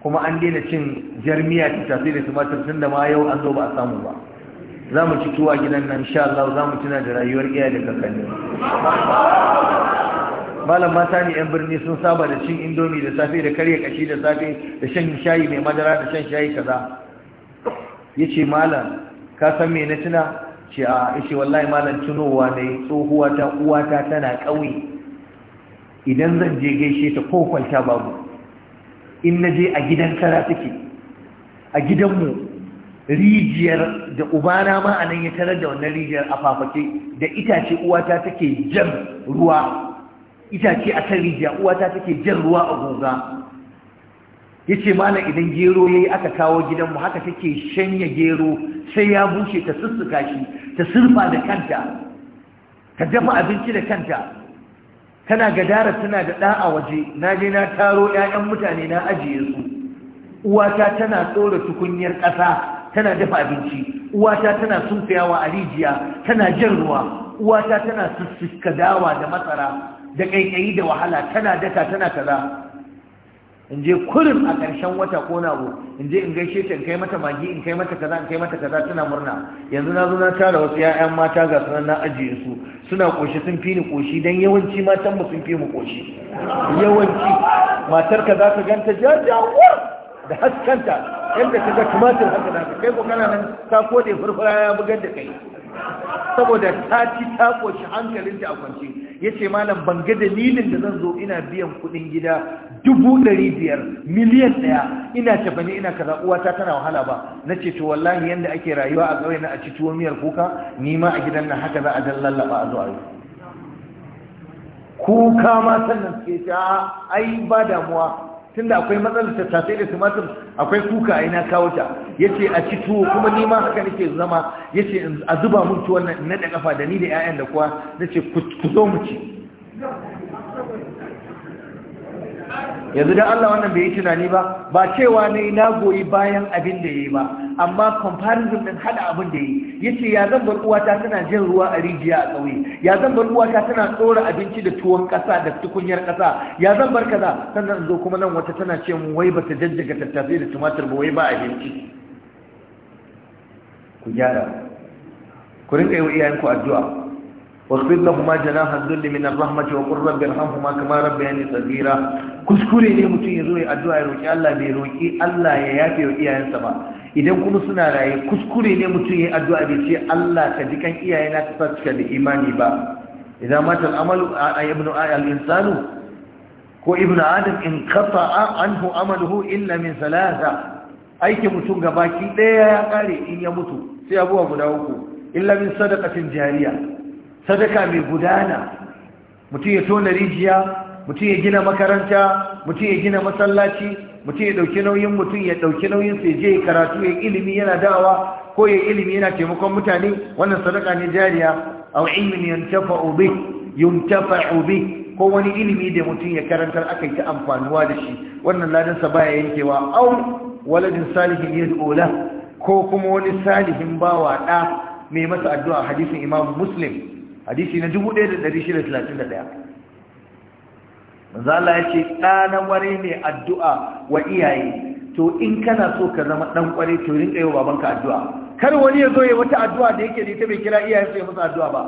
kuma an daina cin jarmiya ta tafi da tumatir tun da ma yau an zo ba a samu ba za mu ci tuwa gidan nan sha Allah za mu tuna da rayuwar iya da kakanni malam mata ne yan birni sun saba da cin indomi da safe da karya kashi da safe da shan shayi mai madara da shan shayi kaza yace malam ka san me na tuna ce a yace wallahi malam tunowa ne tsohuwa ta uwata tana kauye idan zan je gaishe ta ko kwanta babu in na je a gidan kara take a gidanmu rijiyar da ubana ma a ya tarar da wannan rijiyar afafake da itace uwata take jan ruwa itace a kan rijiya uwata take jan ruwa a goga ya ce mana idan gero ya yi aka kawo gidanmu haka take shanya gero sai ya bushe ta sussuka shi ta surfa da kanta ta dafa abinci da kanta tana gadara tana da ɗa a waje na je na taro 'ya'yan mutane na ajiye su uwata tana tsora tukunyar ƙasa tana dafa abinci uwata tana sunfiyawa a rijiya tana jan ruwa uwata tana sussuka dawa da matsara da kaikayi da wahala tana daka tana kaza in je kurin a ƙarshen wata ko na abu in je in gaishe ta in kai mata magi in kai mata kaza in kai mata kaza tana murna yanzu na zo na tara wasu 'ya'yan mata ga sunan na ajiye su suna koshi sun fi ni koshi dan yawanci matan mu sun fi mu koshi yawanci matar ka za ka ganta jajawar da haskanta yadda ka ga tumatir haka da kai ko kana nan ka kode furfura ya bugar da kai saboda ta ci ta koshi hankalinta a kwance ya ce malam ban ga dalilin da zan zo ina biyan kuɗin gida dubu ɗari biyar miliyan ɗaya ina tafani ina kaza uwata tana wahala ba na ce to wallahi yanda ake rayuwa a ƙauye na a ci tuwo miyar kuka ni ma a gidan nan haka za a dan lallaba a zuwa kuka ma sannan suke ta ai ba damuwa tunda akwai matsalar tattasai da tumatir akwai kuka a ina kawo ta ce a ci tuwo kuma ni ma haka nake zama ya ce a zuba mun tuwon na da kafa da ni da 'ya'yan da kuwa ce ku zo mu ci yanzu dan Allah wannan bai yi tunani ba ba cewa ne na goyi bayan abin da yayi ba amma comparison din hada abin da yayi yace ya zan bar uwata tana jin ruwa a rijiya a kauye ya zan bar uwata tana tsora abinci da tuwon kasa da tukunyar kasa ya zan bar kaza sannan zo kuma nan wata tana ce mu wai bata jajjaga tattasai da tumatir ba wai ba abinci ku gyara ku rinka yi wa iyayenku addu'a واغفر لهما جناح الذل من الرحمة وقل رب ارحمهما كما ربياني صغيرا kuskure ne mutum ya zo ya addu'a ya roki Allah bai roki Allah ya yafe wa iyayensa ba idan kuma suna raye kuskure ne mutum yin addu'a bai ce Allah ka ji kan iyayena ka sa da imani ba idan mata al'amalu a ibnu al-insanu ko ibnu adam in qata'a anhu amaluhu illa min salasa aikin mutum gabaki daya ya kare in ya mutu sai abuwa guda uku illa min sadaqatin jariya sadaka mai gudana mutum ya tona rijiya mutum ya gina makaranta mutum ya gina masallaci mutum ya ɗauki nauyin mutum ya ɗauki nauyin sai je karatu ya ilimi yana dawa ko ya ilimi yana taimakon mutane wannan sadaka ne jariya a ilmin yantafa'u bih ko wani ilimi da mutum ya karantar aka yi ta amfanuwa da shi wannan ladansa baya yankewa au waladin salihin ya dola ko kuma wani salihin bawa ɗa mai masa addu'a hadisin imamu muslim hadisi na 1631 manzo Allah ya ce ɗana ware ne addu'a wa iyaye to in kana so ka zama ɗan kware to rinka yi wa babanka addu'a kar wani ya zo ya wata addu'a da yake da ita bai kira su ya masa addu'a ba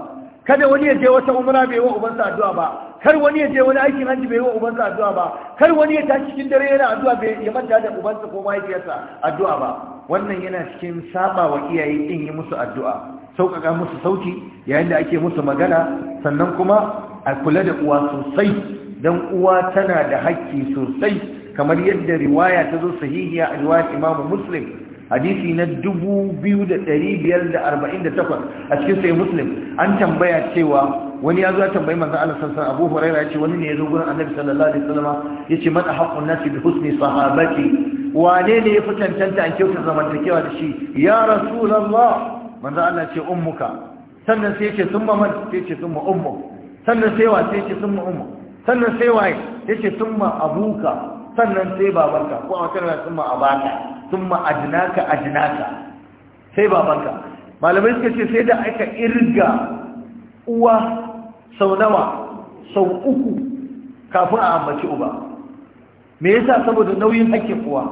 kada wani ya je wata umra bai wa ubansa addu'a ba kar wani ya je wani aikin hajji bai wa ubansa addu'a ba kar wani ya tashi cikin dare yana addu'a bai ya manta da ubansa ko mahaifiyarsa addu'a ba wannan yana cikin saba wa iyaye din yi musu addu'a sauƙaƙa musu sauti yayin da ake musu magana sannan kuma a kula da uwa sosai dan uwa tana da hakki sosai kamar yadda riwaya ta zo sahihiya a riwayar Imam Muslim hadisi na 2548 a cikin sai muslim an tambaya cewa wani ya zo ya tambayi manzan Allah sassan abu huraira ya ce wani ne ya zo gurin annabi sallallahu alaihi sallama ya ce man ahaqqun nasi bi husni sahabati wane ne ya fi cancanta an kyautar zamantakewa da shi ya rasulullah manzan Allah ce ummuka sannan sai ya ce summa man sai ya ce summa ummu sannan sai wa sai ce summa ummu sannan sai waye ya ce summa abuka sannan sai babanka ko a wata summa abaka thumma adnaka adnaka sai babanka malamai suka ce sai da aka irga uwa sau nawa sau uku kafin a ambaci uba me yasa saboda nauyin ake kuwa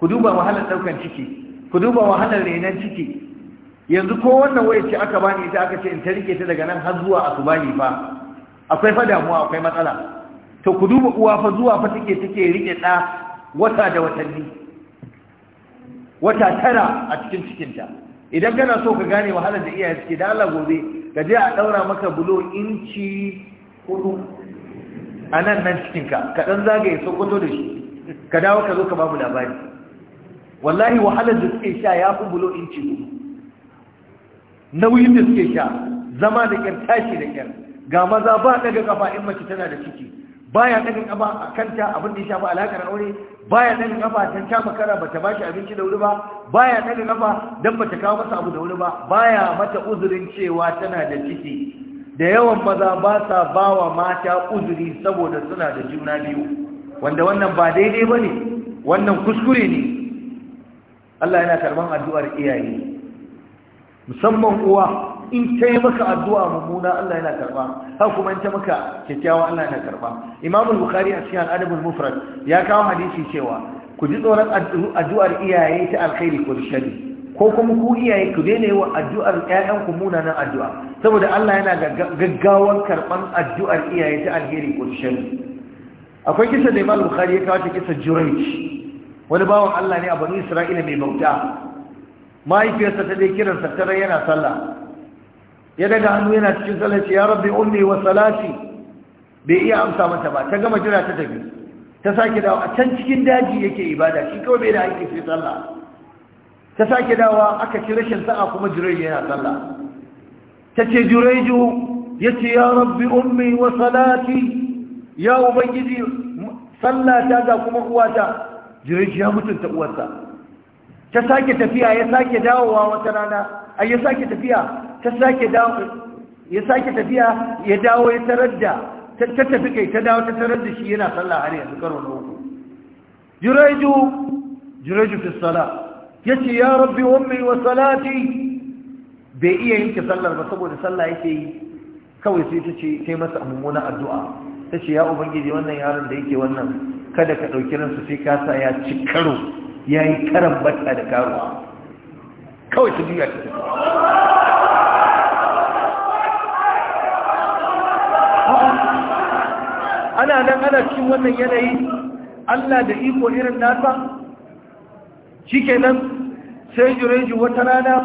ku duba wahalar daukan ciki ku duba wahalar renon ciki yanzu ko wannan waye ce aka bani ita aka ce in ta rike ta daga nan har zuwa asuba ne fa akwai fa damuwa akwai matsala to ku duba uwa fa zuwa fa take take rike da wata da watanni wata tara a cikin cikinta idan kana so ka gane wahalar da iyaye suke da Allah gobe ka je a daura maka bulo inci hudu a nan nan cikinka ka dan zagaye kwato da shi ka dawo ka zo ka babu labari wallahi wahalar da suke sha ya fi bulo inci hudu nauyin da suke sha zama da kyar tashi da kyar ga maza ba daga kafa in mace tana da ciki baya daga kafa a kanta abin da ya shafi alakar aure baya ɗan kafa dan ta makara ta bashi abinci da wuri ba baya daga don ba ta kawo masa abu da wuri ba baya mata uzurin cewa tana da ciki da yawan maza ba sa bawa mata uzuri saboda suna da juna biyu wanda wannan ba daidai ba ne? wannan kuskure ne Allah yana karban addu'ar iyaye musamman uwa in ta yi maka addu'a mummuna Allah yana karba haka kuma in ta maka kyakkyawa Allah yana karba Imam al-Bukhari a cikin al mufrad ya kawo hadisi cewa ku ji tsoron addu'ar iyaye ta alkhairi ko shari ko kuma ku iyaye ku daina wa addu'ar yayan ku munanan addu'a saboda Allah yana gaggawan karban addu'ar iyaye ta alkhairi ko shari akwai kisa da Imam al-Bukhari ya kawo ta kisa Jurayj wani bawan Allah ne a Bani Isra'ila mai bauta mahaifiyarsa ta dai kiransa tare yana sallah ya daga hannu yana cikin salati ya rabbi ummi wa salati bai iya amsa mata ba ta gama jira ta tafi ta sake dawa a can cikin daji yake ibada shi kawai bai da aiki sai sallah ta sake dawa aka ci rashin sa'a kuma jureji yana sallah ta ce jureju ya ce ya rabbi ummi wa salati ya ubangiji sallata ga kuma uwata jureji ya mutunta uwarsa ta sake tafiya ya sake dawowa wata rana A ya sake tafiya ta sake dawo ya sake tafiya ya dawo ya tarar da ta tafi kai ta dawo ta tarar da shi yana sallah har yanzu karo na uku jurayju jurayju fi salah yace ya rabbi ummi wa salati bai iya yanke sallar ba saboda sallah yake yi kawai sai ta ce ta yi masa mummuna addu'a ta ce ya ubangiji wannan yaron da yake wannan kada ka ɗauki ransa sai ka sa ya ci karo ya yi karan batta da karuwa kawai ta juya ta tafi ana nan ana cikin wannan yanayi Allah da iko irin nasa nan, sai jureji wata rana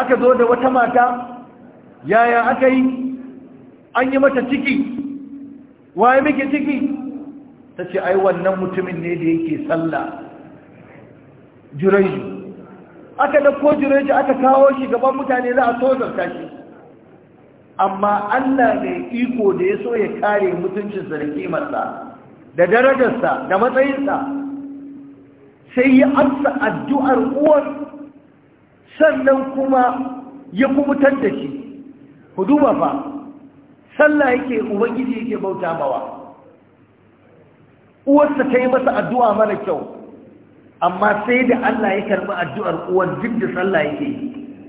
aka zo da wata mata yaya aka yi an yi mata ciki waye muke ciki ta ce ai wannan mutumin ne da yake sallah jureji aka dauko jireji aka kawo shi gaban mutane za a ta shi amma Allah mai iko da ya so ya kare mutuncinsa da kimarsa da darajarsa da matsayinsa sai ya amsa addu'ar uwar sannan kuma ya kubutar da shi ku duba fa sallah yake ubangiji yake bauta mawa uwarsa ta yi masa addu'a mara kyau amma sai da Allah ya karɓi addu'ar uwar duk da sallah yake yi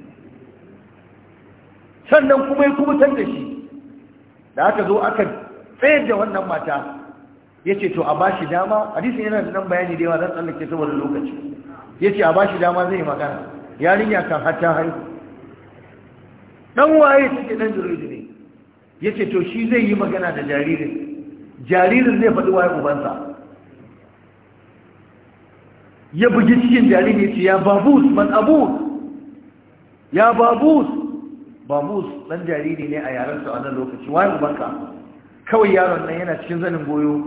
sannan kuma ya kubutar da shi da aka zo aka tsayar da wannan mata ya ce to a ba shi dama hadisin yana da nan bayani da yawa zan tsallake saboda lokaci ya ce a ba shi dama zai yi magana yarinya kan hata haihu dan waye suke dan jiridu ne ya ce to shi zai yi magana da jaririn jaririn zai faɗi waye ubansa ya bugi cikin jariri ce ya babus man abus ya babus babus dan jariri ne a yaran a nan lokaci wani banka kawai yaron nan yana cikin zanin goyo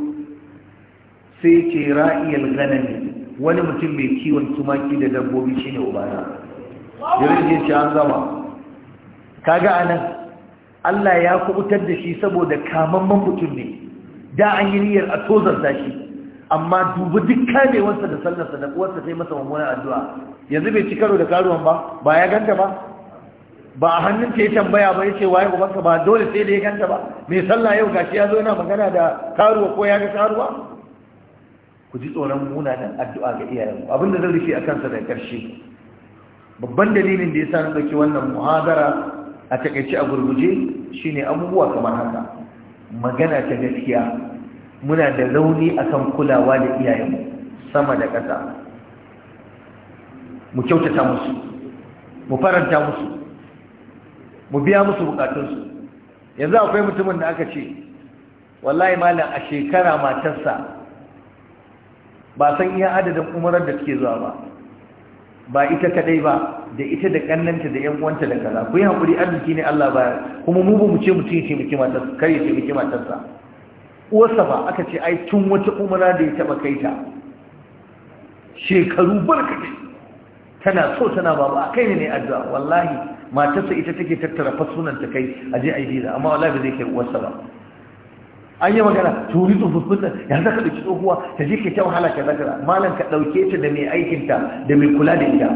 sai ce ra'iyal ganami wani mutum mai kiwon tumaki da dabbobi shine ubana jirgin ce an zama kaga anan Allah ya kubutar da shi saboda kamamman mutum ne da an yi niyyar a tozarta shi amma dubi duk kamewarsa da sallarsa da uwarsa sai masa mummunan addu'a yanzu bai ci karo da karuwan ba ba ya ganta ba ba a hannun ta ya tambaya ba ya ce waye ubanka ba dole sai da ya ganta ba mai sallah yau gashi ya zo yana magana da karuwa ko ya ga karuwa ku ji tsoron munanan addu'a ga iyayen abin da zan rufe a kansa da karshe babban dalilin da ya sa na ɗauki wannan muhadara a takaice a gurguje shine abubuwa kamar haka magana ta gaskiya muna da rauni akan kulawa da iyayenmu sama da ƙasa mu kyautata musu mu faranta musu mu biya musu bukatunsu yanzu akwai mutumin da aka ce wallahi malam a shekara matarsa ba san iya adadin umarar da suke zuwa ba ba ita kadai ba da ita da kannanta da yan da kaza ku yi hakuri arziki ne Allah ba kuma mu ba mu ce mutum ya taimaki matarsa kar ya taimaki matarsa wasa ba aka ce ai tun wata umara da ya taba kai ta shekaru barkatai tana so tana baba a kai ne addu'a wallahi matarsa ita take tattara fasunan ta kai a je ai biza amma wallahi ba zai kai uwarsa ba an yi magana turi tsofaffin nan ya zaka da tsohuwa ta je ka ta halaka zaka da malam ka ɗauke ta da mai aikin ta da mai kula da ita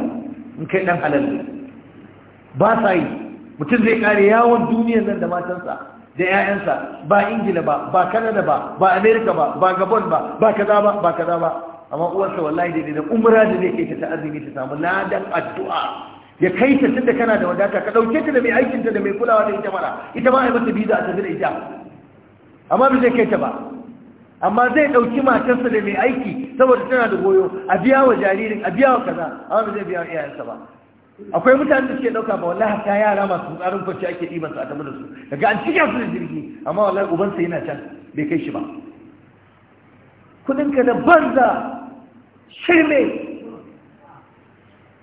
in kai dan halal ba sa yi mutum zai kare yawon duniyar nan da matansa da 'ya'yansa ba ingila ba ba kanada ba ba amerika ba ba gabon ba ba kaza ba ba kaza ba amma uwarsa wallahi daidai da umra da zai kai ta azumi ta samu ladan addu'a ya kai ta tunda kana da wadata ka dauke ta da mai aikin da mai kulawa da ita mara ita ma ai mata biza a tafi da ita amma ba zai kai ta ba amma zai dauki matarsa da mai aiki saboda tana da goyo a biya wa jaririn a biya wa kaza amma ba zai biya wa iyayensa ba akwai mutane da suke dauka ba wallahi ta yara masu tsarin kwanci ake ɗiban su a da su daga an cika su da jirgi amma wallahi ubansa yana can bai kai shi ba kudinka da banza shirme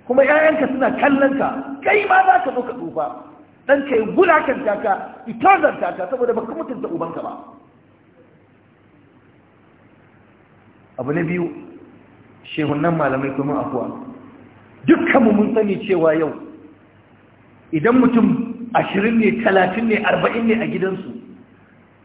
kuma ‘ya'yanka suna kallon ka kai ma za ka zo ka tsufa dan kai gulakan taka ka itozarta ka saboda baka mutunta ubanka ba abu na biyu shehunan malamai kuma afuwa dukkanmu mun sani cewa yau idan mutum ashirin ne talatin ne arba'in ne a gidansu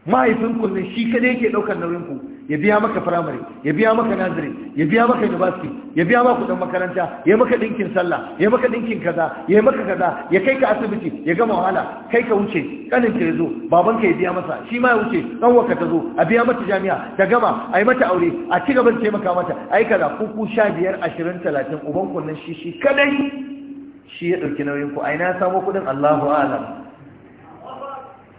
mahaifinku ne shi kada yake ɗaukar nauyinku ya biya maka firamare ya biya maka naziri ya biya maka university ya biya maka kudin makaranta ya maka dinkin sallah ya maka dinkin kaza ya maka kaza ya kai ka asibiti ya gama wahala kai ka wuce kanin ka yazo baban ka ya biya masa shi ma ya wuce dan waka ta zo a biya mata jami'a ta gama a yi mata aure a ci gaban maka mata ai kaza kuku 15 20 30 uban nan shi shi kadai shi ya dauki nauyin ku ai na samo kudin Allahu a'lam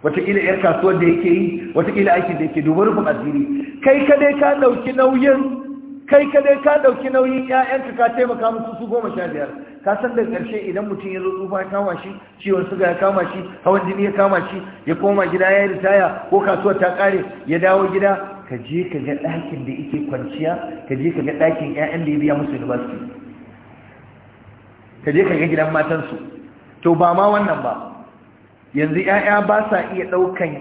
wataƙila 'yar kasuwar da yake yi wataƙila aikin da yake duba rufin addini kai kadai ka ɗauki nauyin kai kadai ka ɗauki nauyin ƴaƴanka ka taimaka musu su goma sha biyar ka san da ƙarshe idan mutum ya zo tsufa ya kama shi ciwon suga ya kama shi hawan jini ya kama shi ya koma gida ya ritaya ko kasuwar ta ƙare ya dawo gida ka je ka ga ɗakin da yake kwanciya ka je ka ga ɗakin ƴaƴan da ya biya musu university ka je ka ga gidan matansu to ba ma wannan ba yanzu ƴaƴa ba sa iya ɗaukan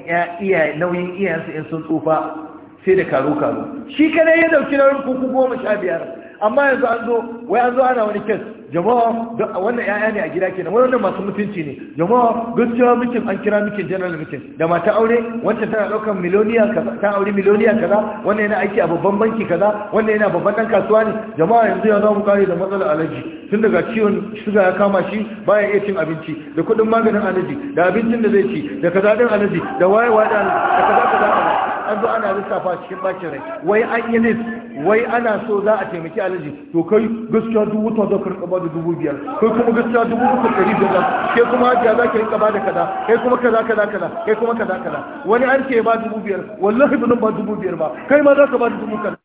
nauyin iyayensu in sun tsufa sai da karo karo shi kadai ya dauki nauyin kuku goma sha biyar amma yanzu an zo wai an zo ana wani kes jama'a wannan yaya ne a gida kenan wannan masu mutunci ne jama'a gaskiya mikin an kira mikin general mikin da mata aure wancan tana daukan miliyoniya kaza ta aure miliyoniya kaza wannan yana aiki a babban banki kaza wannan yana babban dan kasuwa ne jama'a yanzu ya zamu kare da matsalar alaji tun daga ciwon shuga ya kama shi baya iya cin abinci da kuɗin maganin alaji da abincin da zai ci da kaza din alaji da wayewa da kaza kaza kaza an zo ana lissafa cikin bakin rai wai an yi lis wai ana so za a taimaki alaji to kai gaskiya dubu ta za ka rinka ba da dubu biyar kai kuma gaskiya dubu uku ɗari biyar kai kuma hajiya za ka rinka ba da kaza kai kuma kaza kaza kaza kai kuma kaza kaza wani an ke ba dubu biyar wallahi ba ba dubu biyar ba kai ma za ka ba da dubu kaza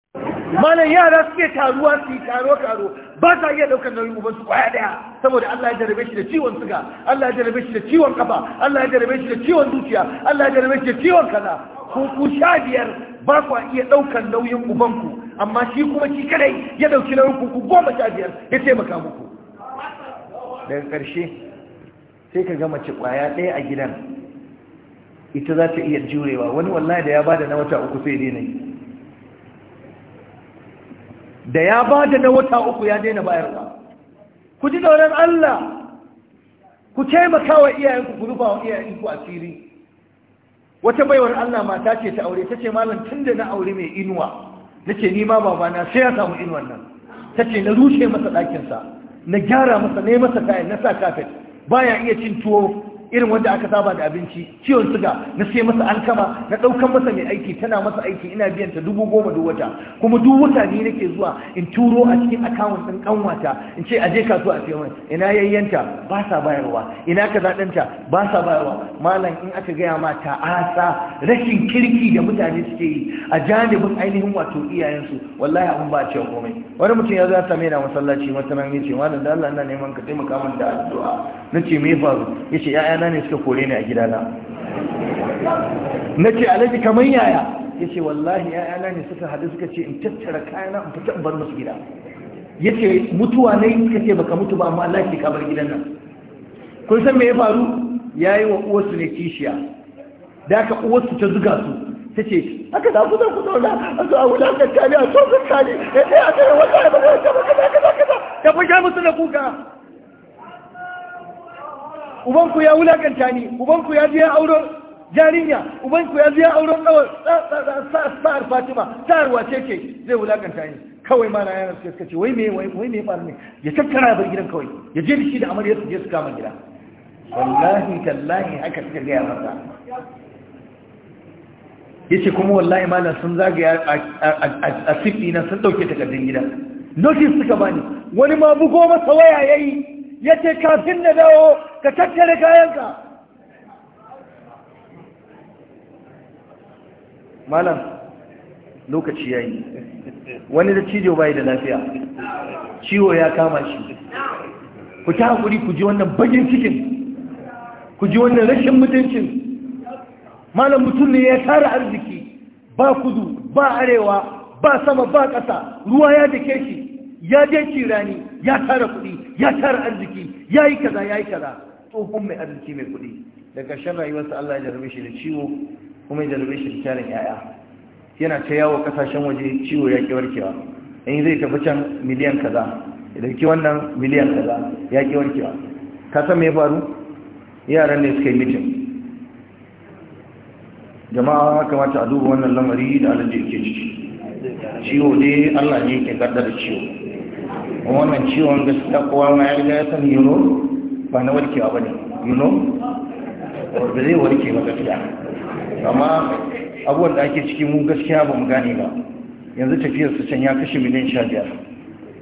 malam yara suke taruwa su yi taro taro ba sa iya daukar nauyin uban su kwaya daya saboda Allah ya jarabe shi da ciwon suga Allah ya jarabe shi da ciwon kafa Allah ya jarabe shi da ciwon zuciya Allah ya jarabe shi da ciwon kaza ku ku sha biyar ba ku iya daukar nauyin ubanku, amma shi kuma shi kadai ya dauki nauyin ku ku goma sha biyar ya taimaka muku daga karshe sai ka ga mace kwaya daya a gidan ita za ta iya jurewa wani wallahi da ya bada na wata uku sai daina yi da ya ba da na wata uku ya daina bayarwa ku ji tsoron Allah ku taimaka wa iyayenku ku rufa wa iyayenku asiri wata baiwar Allah mata ce ta aure ta ce malam tun da na aure mai inuwa na ce ni ma babana sai ya samu inuwan nan ta ce na rushe masa ɗakinsa na gyara masa na yi masa kayan na sa kafet ya iya cin tuwo irin wanda aka saba da abinci ciwon suga na sai masa alkama na ɗaukan masa mai aiki tana masa aiki ina biyan ta dubu goma duk wata kuma duk wata ni nake zuwa in turo a cikin akawun ɗin kanwata in ce aje kasuwa a siyan ina yayyanta ba sa bayarwa ina ka ɗanta ba sa bayarwa malam in aka gaya ma ta asa. rashin kirki da mutane suke yi a janibin ainihin wato iyayensu wallahi abun ba a komai wani mutum ya zata mai na masallaci wata nan ya ce malam da Allah ina neman ka taimaka min da addu'a na ce me faru ya ce ya'ya Yana ne suka kore ni a gidana na ce alaji kamar yaya ya ce wallahi Yana ne suka hadu suka ce in tattara kayana in fita in bar musu gida ya ce mutuwa na yi suka ce baka mutu ba amma Allah ke kabar gidan nan kun san me ya faru ya yi wa uwarsu ne kishiya da aka uwarsu ta zuga su ta ce aka da kusa ku zauna a zuwa a kari a tsohon kari ya ce a kai wata ya bada wata bada kaza kaza kaza ta fashe musu na kuka ubanku ya wulakanta ni ubanku ya je aure jarinya ubanku ya je auren kawar sa'ar fatima sa'ar wace ce zai wulakanta ni kawai ma na yana suke suka ce wai me wai me faru ne ya tattara bar gidan kawai ya je da shi da amarya su je su kama gida wallahi tallahi haka suka gaya masa yace kuma wallahi malam sun zagaya a sifi na sun dauke takardun gida notice suka bani wani ma bugo masa waya yayi ya ce kafin na dawo ka tattare kayanka malam lokaci ya yi wani da cijo bai da lafiya ciwo ya kama shi ku ta hakuri ku ji wannan bagin cikin ku ji wannan rashin mutuncin malam mutum ne ya tara arziki ba kudu ba arewa ba sama ba ƙasa ruwa ya dake shi ya je kirani ya tara kuɗi ya tara arziki ya yi kaza ya yi kaza tsohon mai arziki mai kuɗi da ƙarshen rayuwarsa Allah ya jarabe shi da ciwo kuma ya jarabe shi da tarin yaya yana ta yawo ƙasashen waje ciwo ya ki warkewa in zai tafi can miliyan kaza ya dauki wannan miliyan kaza ya ki warkewa ka san me faru yaran ne suka yi mitin jama'a kamata a duba wannan lamari da alaji ke ciki ciwo dai Allah ne ke gardar ciwo kuma wannan ciwon da kowa ma ya riga ya san you ba na warkewa ba ne you ba zai warke ba gaskiya amma abubuwan da ake ciki mu gaskiya ba mu gane ba yanzu tafiyar su can ya kashe miliyan sha biyar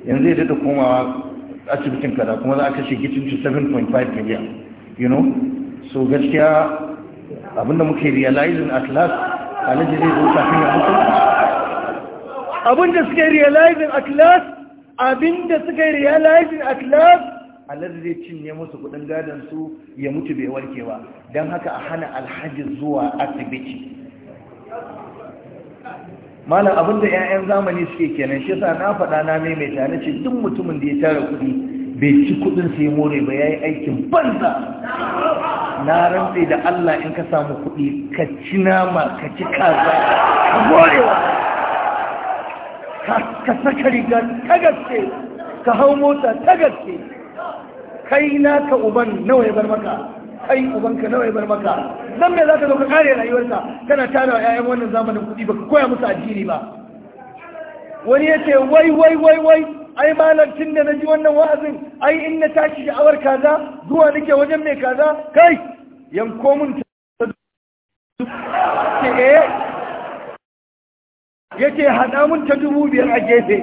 yanzu ya da komawa asibitin kada kuma za a kashe gitin to 7.5 miliyan you know so gaskiya abinda muke realizing at last alhaji zai zo kafin ya mutu abinda suke realizing at last abinda suka yi realizing at last alhaji zai cinye musu kudin gadon su ya mutu bai warke ba don haka a hana alhaji zuwa asibiti malam abinda 'ya'yan zamani suke kenan shi sa na faɗa na maimaita na ce duk mutumin da ya tara kuɗi bai ci kuɗin sai more ba yayi aikin banza na rantse da Allah in ka samu kuɗi ka ci nama ka ci kaza ka morewa ka saka riga ta gaske ka hau mota ta gaske kai na ka uban nawa ya bar maka kai uban ka nawa ya bar maka dan me zaka zo ka kare rayuwarka kana tara wa 'ya'yan wannan zamanin kuɗi baka koya musu addini ba wani yace wai wai wai wai ai malam tun da naji wannan wa'azin ai in na tashi sha'awar kaza zuwa nake wajen mai kaza kai yanko mun ta *laughs* eh, ya ce haɗa mun ta dubu biyar a gefe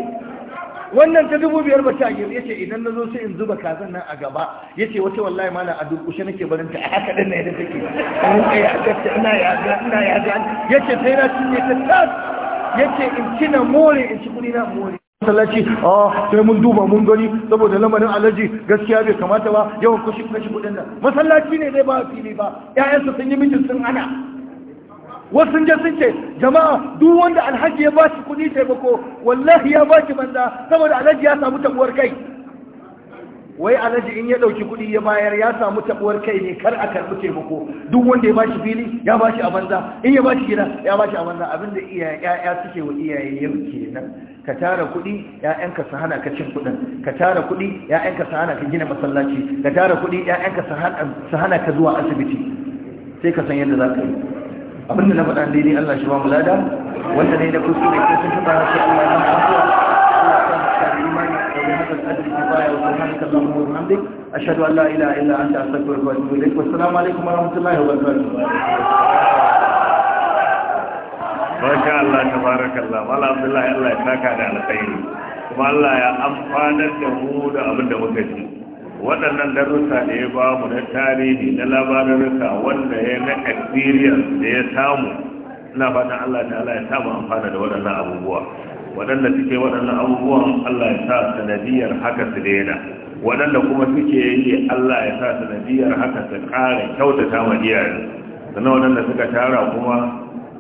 wannan ta dubu biyar ba ta gefe ya ce idan na zo sai in zuba kazan nan a gaba ya ce wata wallahi mana a durƙushe nake barin ta a haka ɗin na yadda take in ka yaga ta ina ga ina yaga ya ce sai na cinye ta tas ya ce in cina more in ci kuɗi na more masallaci a ah, sai mun duba mun gani saboda lamarin alaji gaskiya bai kamata ba yawan kashi kashi kuɗin nan masallaci ne zai ba fili ba 'ya'yansa sun yi mijin sun ana wasu sun je sun ce jama'a duk wanda alhaji ya ba shi kuɗi taimako wallahi ya ba shi banza saboda alhaji ya samu tabuwar kai wai alhaji in ya ɗauki kuɗi ya bayar ya samu tabuwar kai ne kar a karɓi taimako duk wanda ya ba shi fili ya ba shi a banza in ya ba shi gida ya ba shi a banza abinda iyaye ya suke wa iyaye yau kenan ka tara kuɗi ‘ya'yanka su hana ka cin kuɗin ka tara kuɗi ‘ya'yanka su hana ka gina masallaci ka tara kuɗi ‘ya'yanka su hana ka zuwa asibiti sai ka san yadda za ka yi abinda na faɗa daidai Allah shi ba mu lada wanda ne da kuskure ko sun fita sai Allah ya amsa Allah da wannan adadi kifaya wa subhanaka allahumma wa bihamdik ashhadu an la ilaha illa anta astaghfiruka wa atubu ilaik wa assalamu alaikum wa rahmatullahi wa barakatuh Masha Allah tabarakallah mala Abdullahi Allah ya saka da kuma Allah ya amfanar da mu da abin da waɗannan darussa da ya ba mu na tarihi na labarurruka wanda ya na experience da ya samu na fatan Allah Allah ya samu amfana da waɗannan abubuwa waɗanda suke waɗannan abubuwan Allah ya sa sanadiyar haka su daina waɗanda kuma suke yi Allah ya sa sanadiyar haka su ƙara kyautata ma iyayen sannan waɗanda suka tara kuma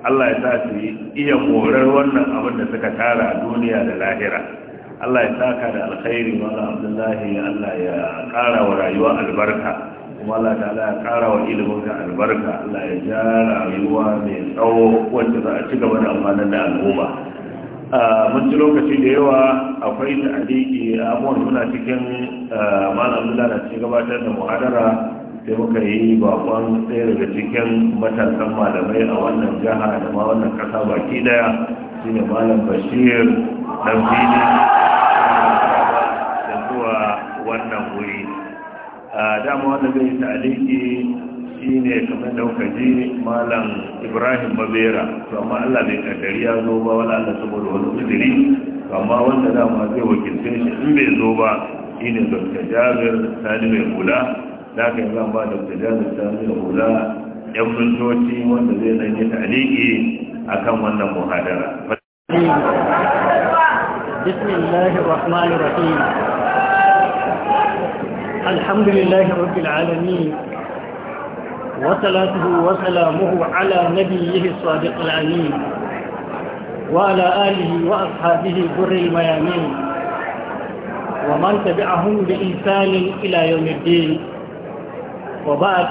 Allah ya sa su iya morar wannan abin da suka tara a duniya da lahira Allah ya saka da alkhairi wala abdullahi Allah ya ƙara wa rayuwa albarka kuma Allah ta ya ƙara wa ilimin albarka Allah ya ja rayuwa mai tsawo wanda za a ci gaba da amfanar da al'umma mun ci lokaci da yawa akwai da aliki abuwan suna cikin mala abdullahi da ci gabatar da muhadara sai muka yi bakon ɗaya daga cikin matasan malamai a wannan jiha da ma wannan ƙasa baki ɗaya. shine malam bashir dan fili da zuwa wannan wuri dama wanda zai yi ta'aliki shine kamar da kuka ji malam ibrahim mabera to amma allah bai kaddari ya zo ba wala allah saboda wani uzuri amma wanda dama zai wakilce shi in bai zo ba shine dr jabir sani mai hula da aka yi zan ba dr jabir sani mai hula yan mintoci wanda zai zanye ta'aliki akan wannan muhadara بسم الله الرحمن الرحيم الحمد لله رب العالمين وصلاته وسلامه على نبيه الصادق الأمين وعلى آله وأصحابه بر الميامين ومن تبعهم بإنسان إلى يوم الدين وبعد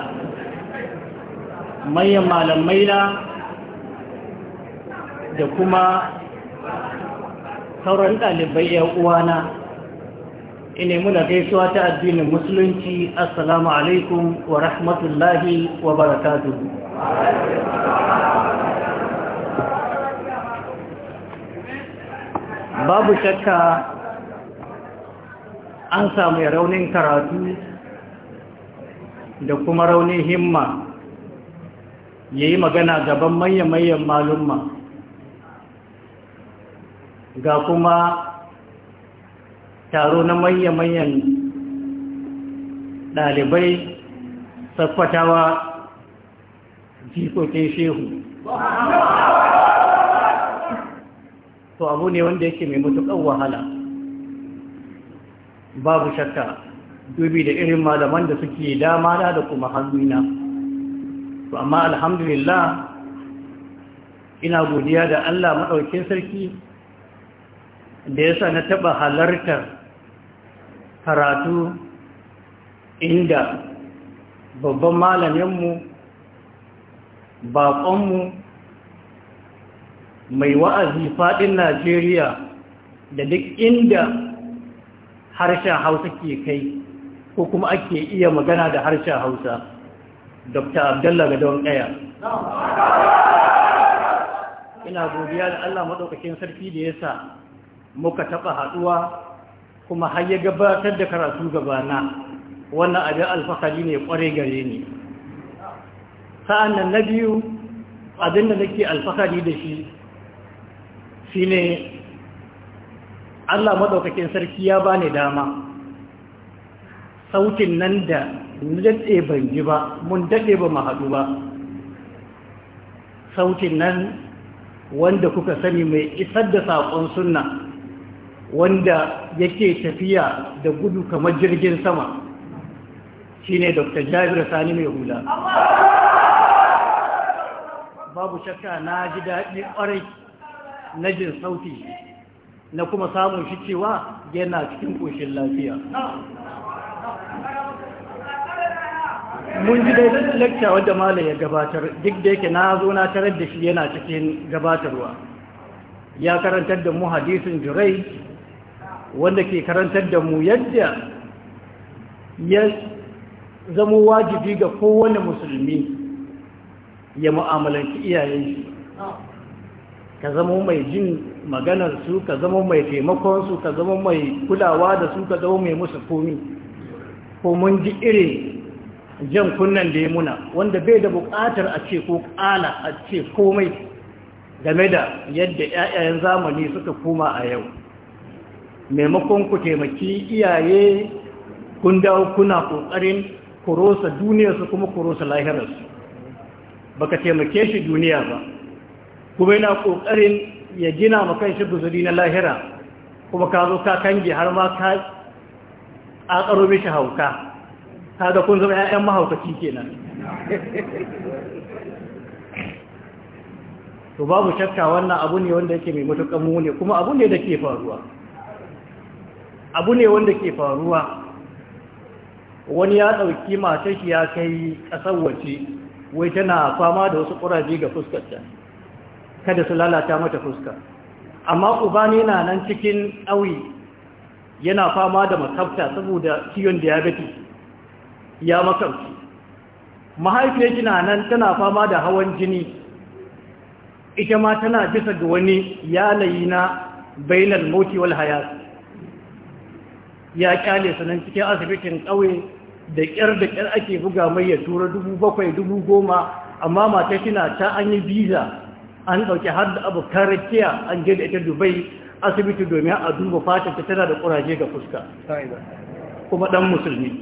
manyan malamai na da kuma sauran ɗalibai ya uwana ina muna gaisuwa ta addinin musulunci assalamu alaikum wa rahmatullahi wa barakatu babu shakka an samu raunin karatu da kuma raunin himma ya yi magana gaban manya-manyan malumma ga kuma taro na manya-manyan ɗalibai saffatawa jikokin shehu to abu ne wanda yake mai matuƙar wahala babu shakka dubi da irin malaman da suke dama da da kuma hannuna to amma alhamdulillah ina godiya da Allah maɗaukin sarki da yasa na taɓa halartar karatu inda babban malaminmu baƙonmu mai wa'azi faɗin najeriya da duk inda harshen hausa ke kai ko kuma ake iya magana da harshen hausa dr abdullah gadon ɗaya ina godiya da allah maɗaukakin sarki da ya sa muka taɓa haɗuwa kuma har ya gabatar da karatu gabana wannan abin alfahari ne ƙware gare ni sa'annan na biyu abin da nake alfahari da shi shi ne allah maɗaukakin sarki ya bani dama sautin nan da daɗe ban ji ba mun daɗe ba haɗu ba sautin nan wanda kuka sani mai isar da saƙon sunna wanda yake tafiya da gudu kamar jirgin sama shi ne dr jabir sani mai hula babu shakka na ji daɗi ƙwarai na jin sauti na kuma samun shi cewa yana cikin ƙoshin lafiya mun ji dai lakta wadda malam ya gabatar duk da yake na zo na tarar da shi yana cikin gabatarwa ya karantar da mu hadisin jurai wanda ke karantar da mu yadda ya zama wajibi ga kowane musulmi ya mu'amalanci iyayen shi ka zama mai jin su, ka zama mai taimakon su, ka zama mai kulawa da su ka zama mai musu komi ko mun ji irin jan kunnan da ya muna wanda bai da bukatar a ce ko kala a ce komai game da yadda 'ya'yayen zamani suka koma a yau maimakon ku taimaki iyaye kun dawo kuna ƙoƙarin kurosa duniyarsu kuma kurosa lahirarsu Ba ka taimake shi duniya ba kuma yana ƙoƙarin ya gina makan shi guzuri na lahira kuma ka zo ka kange har ma ka ƙaƙaro mishi hauka ta da kun zama 'ya'yan mahaukaci kenan to babu shakka wannan abu ne wanda yake mai matuƙan ne kuma abu ne da ke faruwa abu ne wanda ke faruwa wani ya ɗauki matar shi ya kai ƙasar wace wai tana fama da wasu ƙuraje ga fuskarta kada su lalata mata fuska amma uba ne na nan cikin ɗauyi yana fama da makabta saboda ciwon diabetes ya makamci mahaifiyar na nan tana fama da hawan jini ita ma tana bisa ga wani yanayi na bayanan motiwal wal ya kyale sanan cikin asibitin ƙauye da ƙyar da ƙyar ake buga mai ya tura dubu bakwai dubu goma amma mata tana ta an yi biza an ɗauki har da abu karakiya an je da ita dubai asibiti domin a duba fatan ta tana da ƙuraje ga fuska kuma ɗan musulmi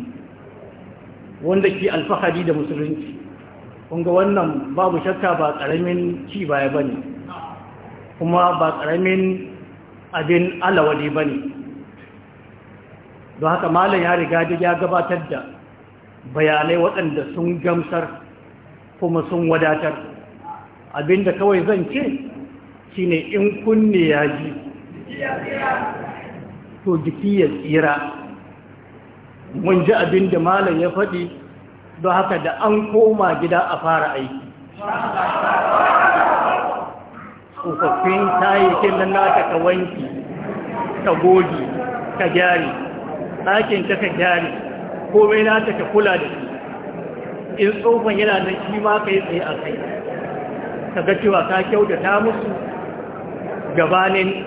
wanda ke alfahari da musulunci kunga wannan babu shakka ba ƙaramin ci baya ba ne kuma ba ƙaramin abin alawali ba ne don haka malam ya riga duk ya gabatar da bayanai waɗanda sun gamsar kuma sun wadatar abinda kawai zan ce shine in kunne ya ji to jiki ya tsira mun ji abinda malam ya faɗi don haka da an koma gida a fara aiki tsofaffin yi kinan nata ka wanki ka goge ka gyari ɗakin ka ka gyare komai na ta ka kula da shi in tsofan yana nan shi ma ka yi tsaye a kai ka ga cewa ka ta musu gabanin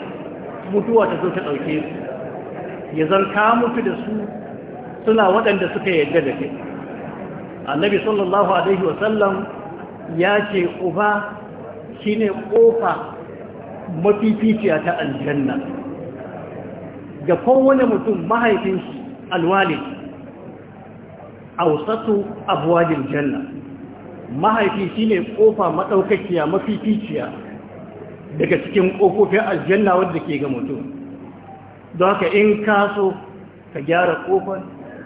mutuwa ta zo ta ɗauke su ya zan ka mutu da su suna waɗanda suka yarda da kai annabi sallallahu alaihi wasallam ya ce uba shine ƙofa mafificiya ta aljanna ga kowane mutum mahaifin alwalin alwalid awsatu abwalil janna mahaifi shi ne kofa madaukakiya mafificiya daga cikin ƙofofin aljanna wadda ke ga mutum don haka in ka so ka gyara ƙofar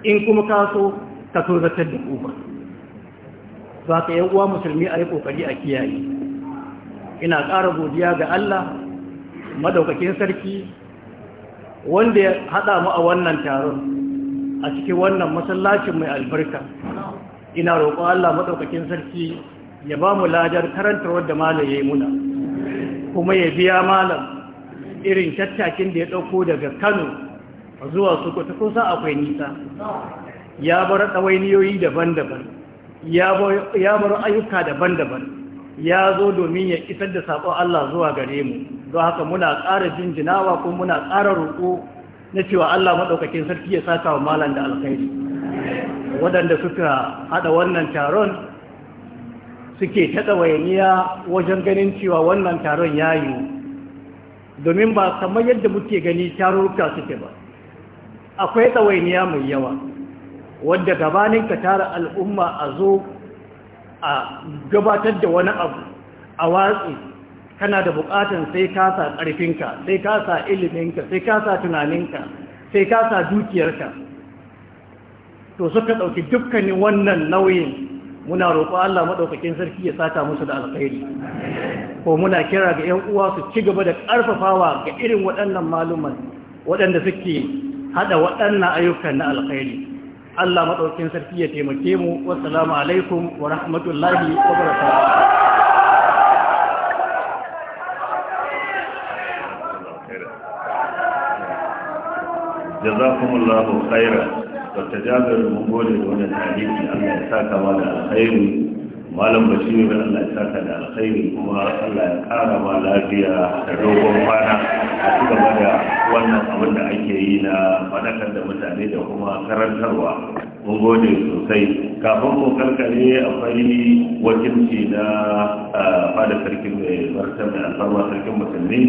in kuma ka so ka turzatar da ƙofar za ka yi uwa musulmi a yi ƙoƙari a kiyaye ina ƙara godiya ga Allah madaukakin sarki wanda ya haɗa mu a wannan taron a cikin wannan masallacin mai albarka ina roƙo Allah maɗaukakin sarki ya ba mu lajar karanta wadda malam ya yi muna kuma ya biya malam irin tattakin da ya ɗauko daga kano zuwa sokoto sa akwai nisa ya bar ɗawainiyoyi daban-daban ya bar ayyuka daban-daban ya zo domin ya isar da saƙon Allah zuwa gare mu don haka muna ƙara jinjinawa ko muna ƙara roƙo na cewa Allah maɗaukakin sarki ya saka wa malam da alkhairi waɗanda suka haɗa wannan taron suke taɗa wayaniya wajen ganin cewa wannan taron ya yi domin ba kamar yadda muke gani tarurruka suke ba akwai ɗawainiya mai yawa wadda gabanin ka tara al'umma a zo a gabatar da wani abu a watsi kana da bukatan sai ka sa ƙarfinka sai ka sa iliminka sai ka sa tunaninka sai ka sa dukiyarka to suka ɗauki dukkanin wannan nauyin muna roƙo Allah maɗaukakin sarki ya saka musu da alkhairi ko muna kira ga 'yan uwa su ci gaba da ƙarfafawa ga irin waɗannan maluman waɗanda suke haɗa waɗannan ayyukan na alkhairi Allah maɗaukin sarki ya taimake mu wasalamu alaikum wa rahmatullahi wa barakatuh jazakumullahu khairan wa tajabiru mun gode da wannan hadisi Allah ya saka mana alkhairi malam ne da Allah ya saka da alkhairi kuma Allah ya kara ma lafiya da dogon kwana a ci gaba da wannan abin da ake yi na fadakar da mutane da kuma karantarwa mun gode sosai kafin ko karkare akwai wakilci na fada sarkin mai martan da alfarma sarkin musulmi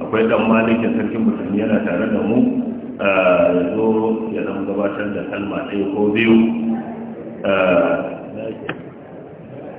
akwai dan malikin sarkin musulmi yana tare da mu yanzu ya zama gabatar da kalma ɗaya ko biyu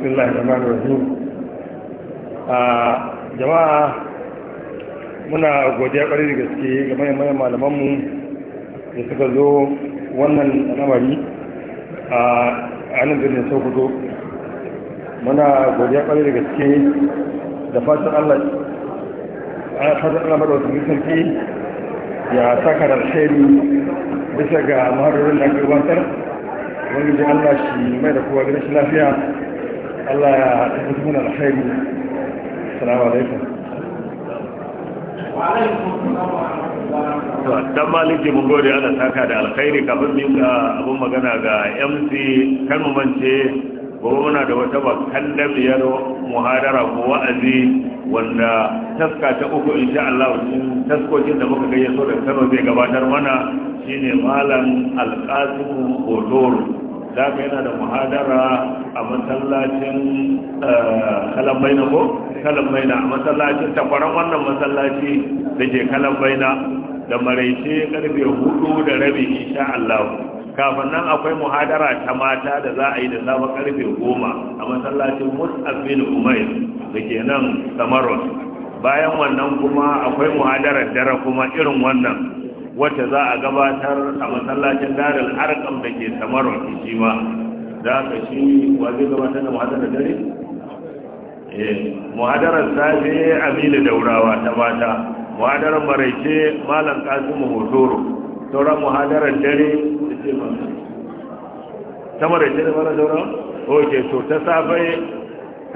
بسم الله الرحمن الرحيم jama'a muna godiya kwarai da gaske ga mayan malamanmu da suka zo wannan lamari a nan birnin sokoto muna godiya kwarai da gaske da fatan allah a fatan mara wasu sarki ya saka da shaidi bisa ga maharorin da ake gabatar wani da allah shi mai da kowa ganin shi lafiya Allah ya haɗu kuma da alkhairi assalamu alaikum dan maliki mun gode ana saka da alkhairi kafin ga abun magana ga mc kan mu mance gobe muna da wata bakan damiyar muhadara ko wa'azi wanda taska ta uku insha Allah taskokin da muka gayyato da Kano zai gabatar mana shine malam alqasim Odoro Za yana da muhadara a masallacin eh, kalambaina ko a masallacin takwaran wannan masallaci da ke kalambaina da maraice karfe hudu da rabi insha Allah kafin nan akwai muhadara ta mata da za a yi da zama karfe goma a masallacin mus'ab umar umair da ke nan samarwa. bayan wannan kuma akwai muhadarar dara kuma irin wannan wacce za a gabatar a masallacin darul arkam da ke samarwa shi ma za ka shi waje gabatar da muhadarar dare eh, muhadarar safe aminu daurawa ta mata muhadarar maraice malam kasimu hotoro sauran muhadarar dare ta maraice da malam daurawa oke to ta safe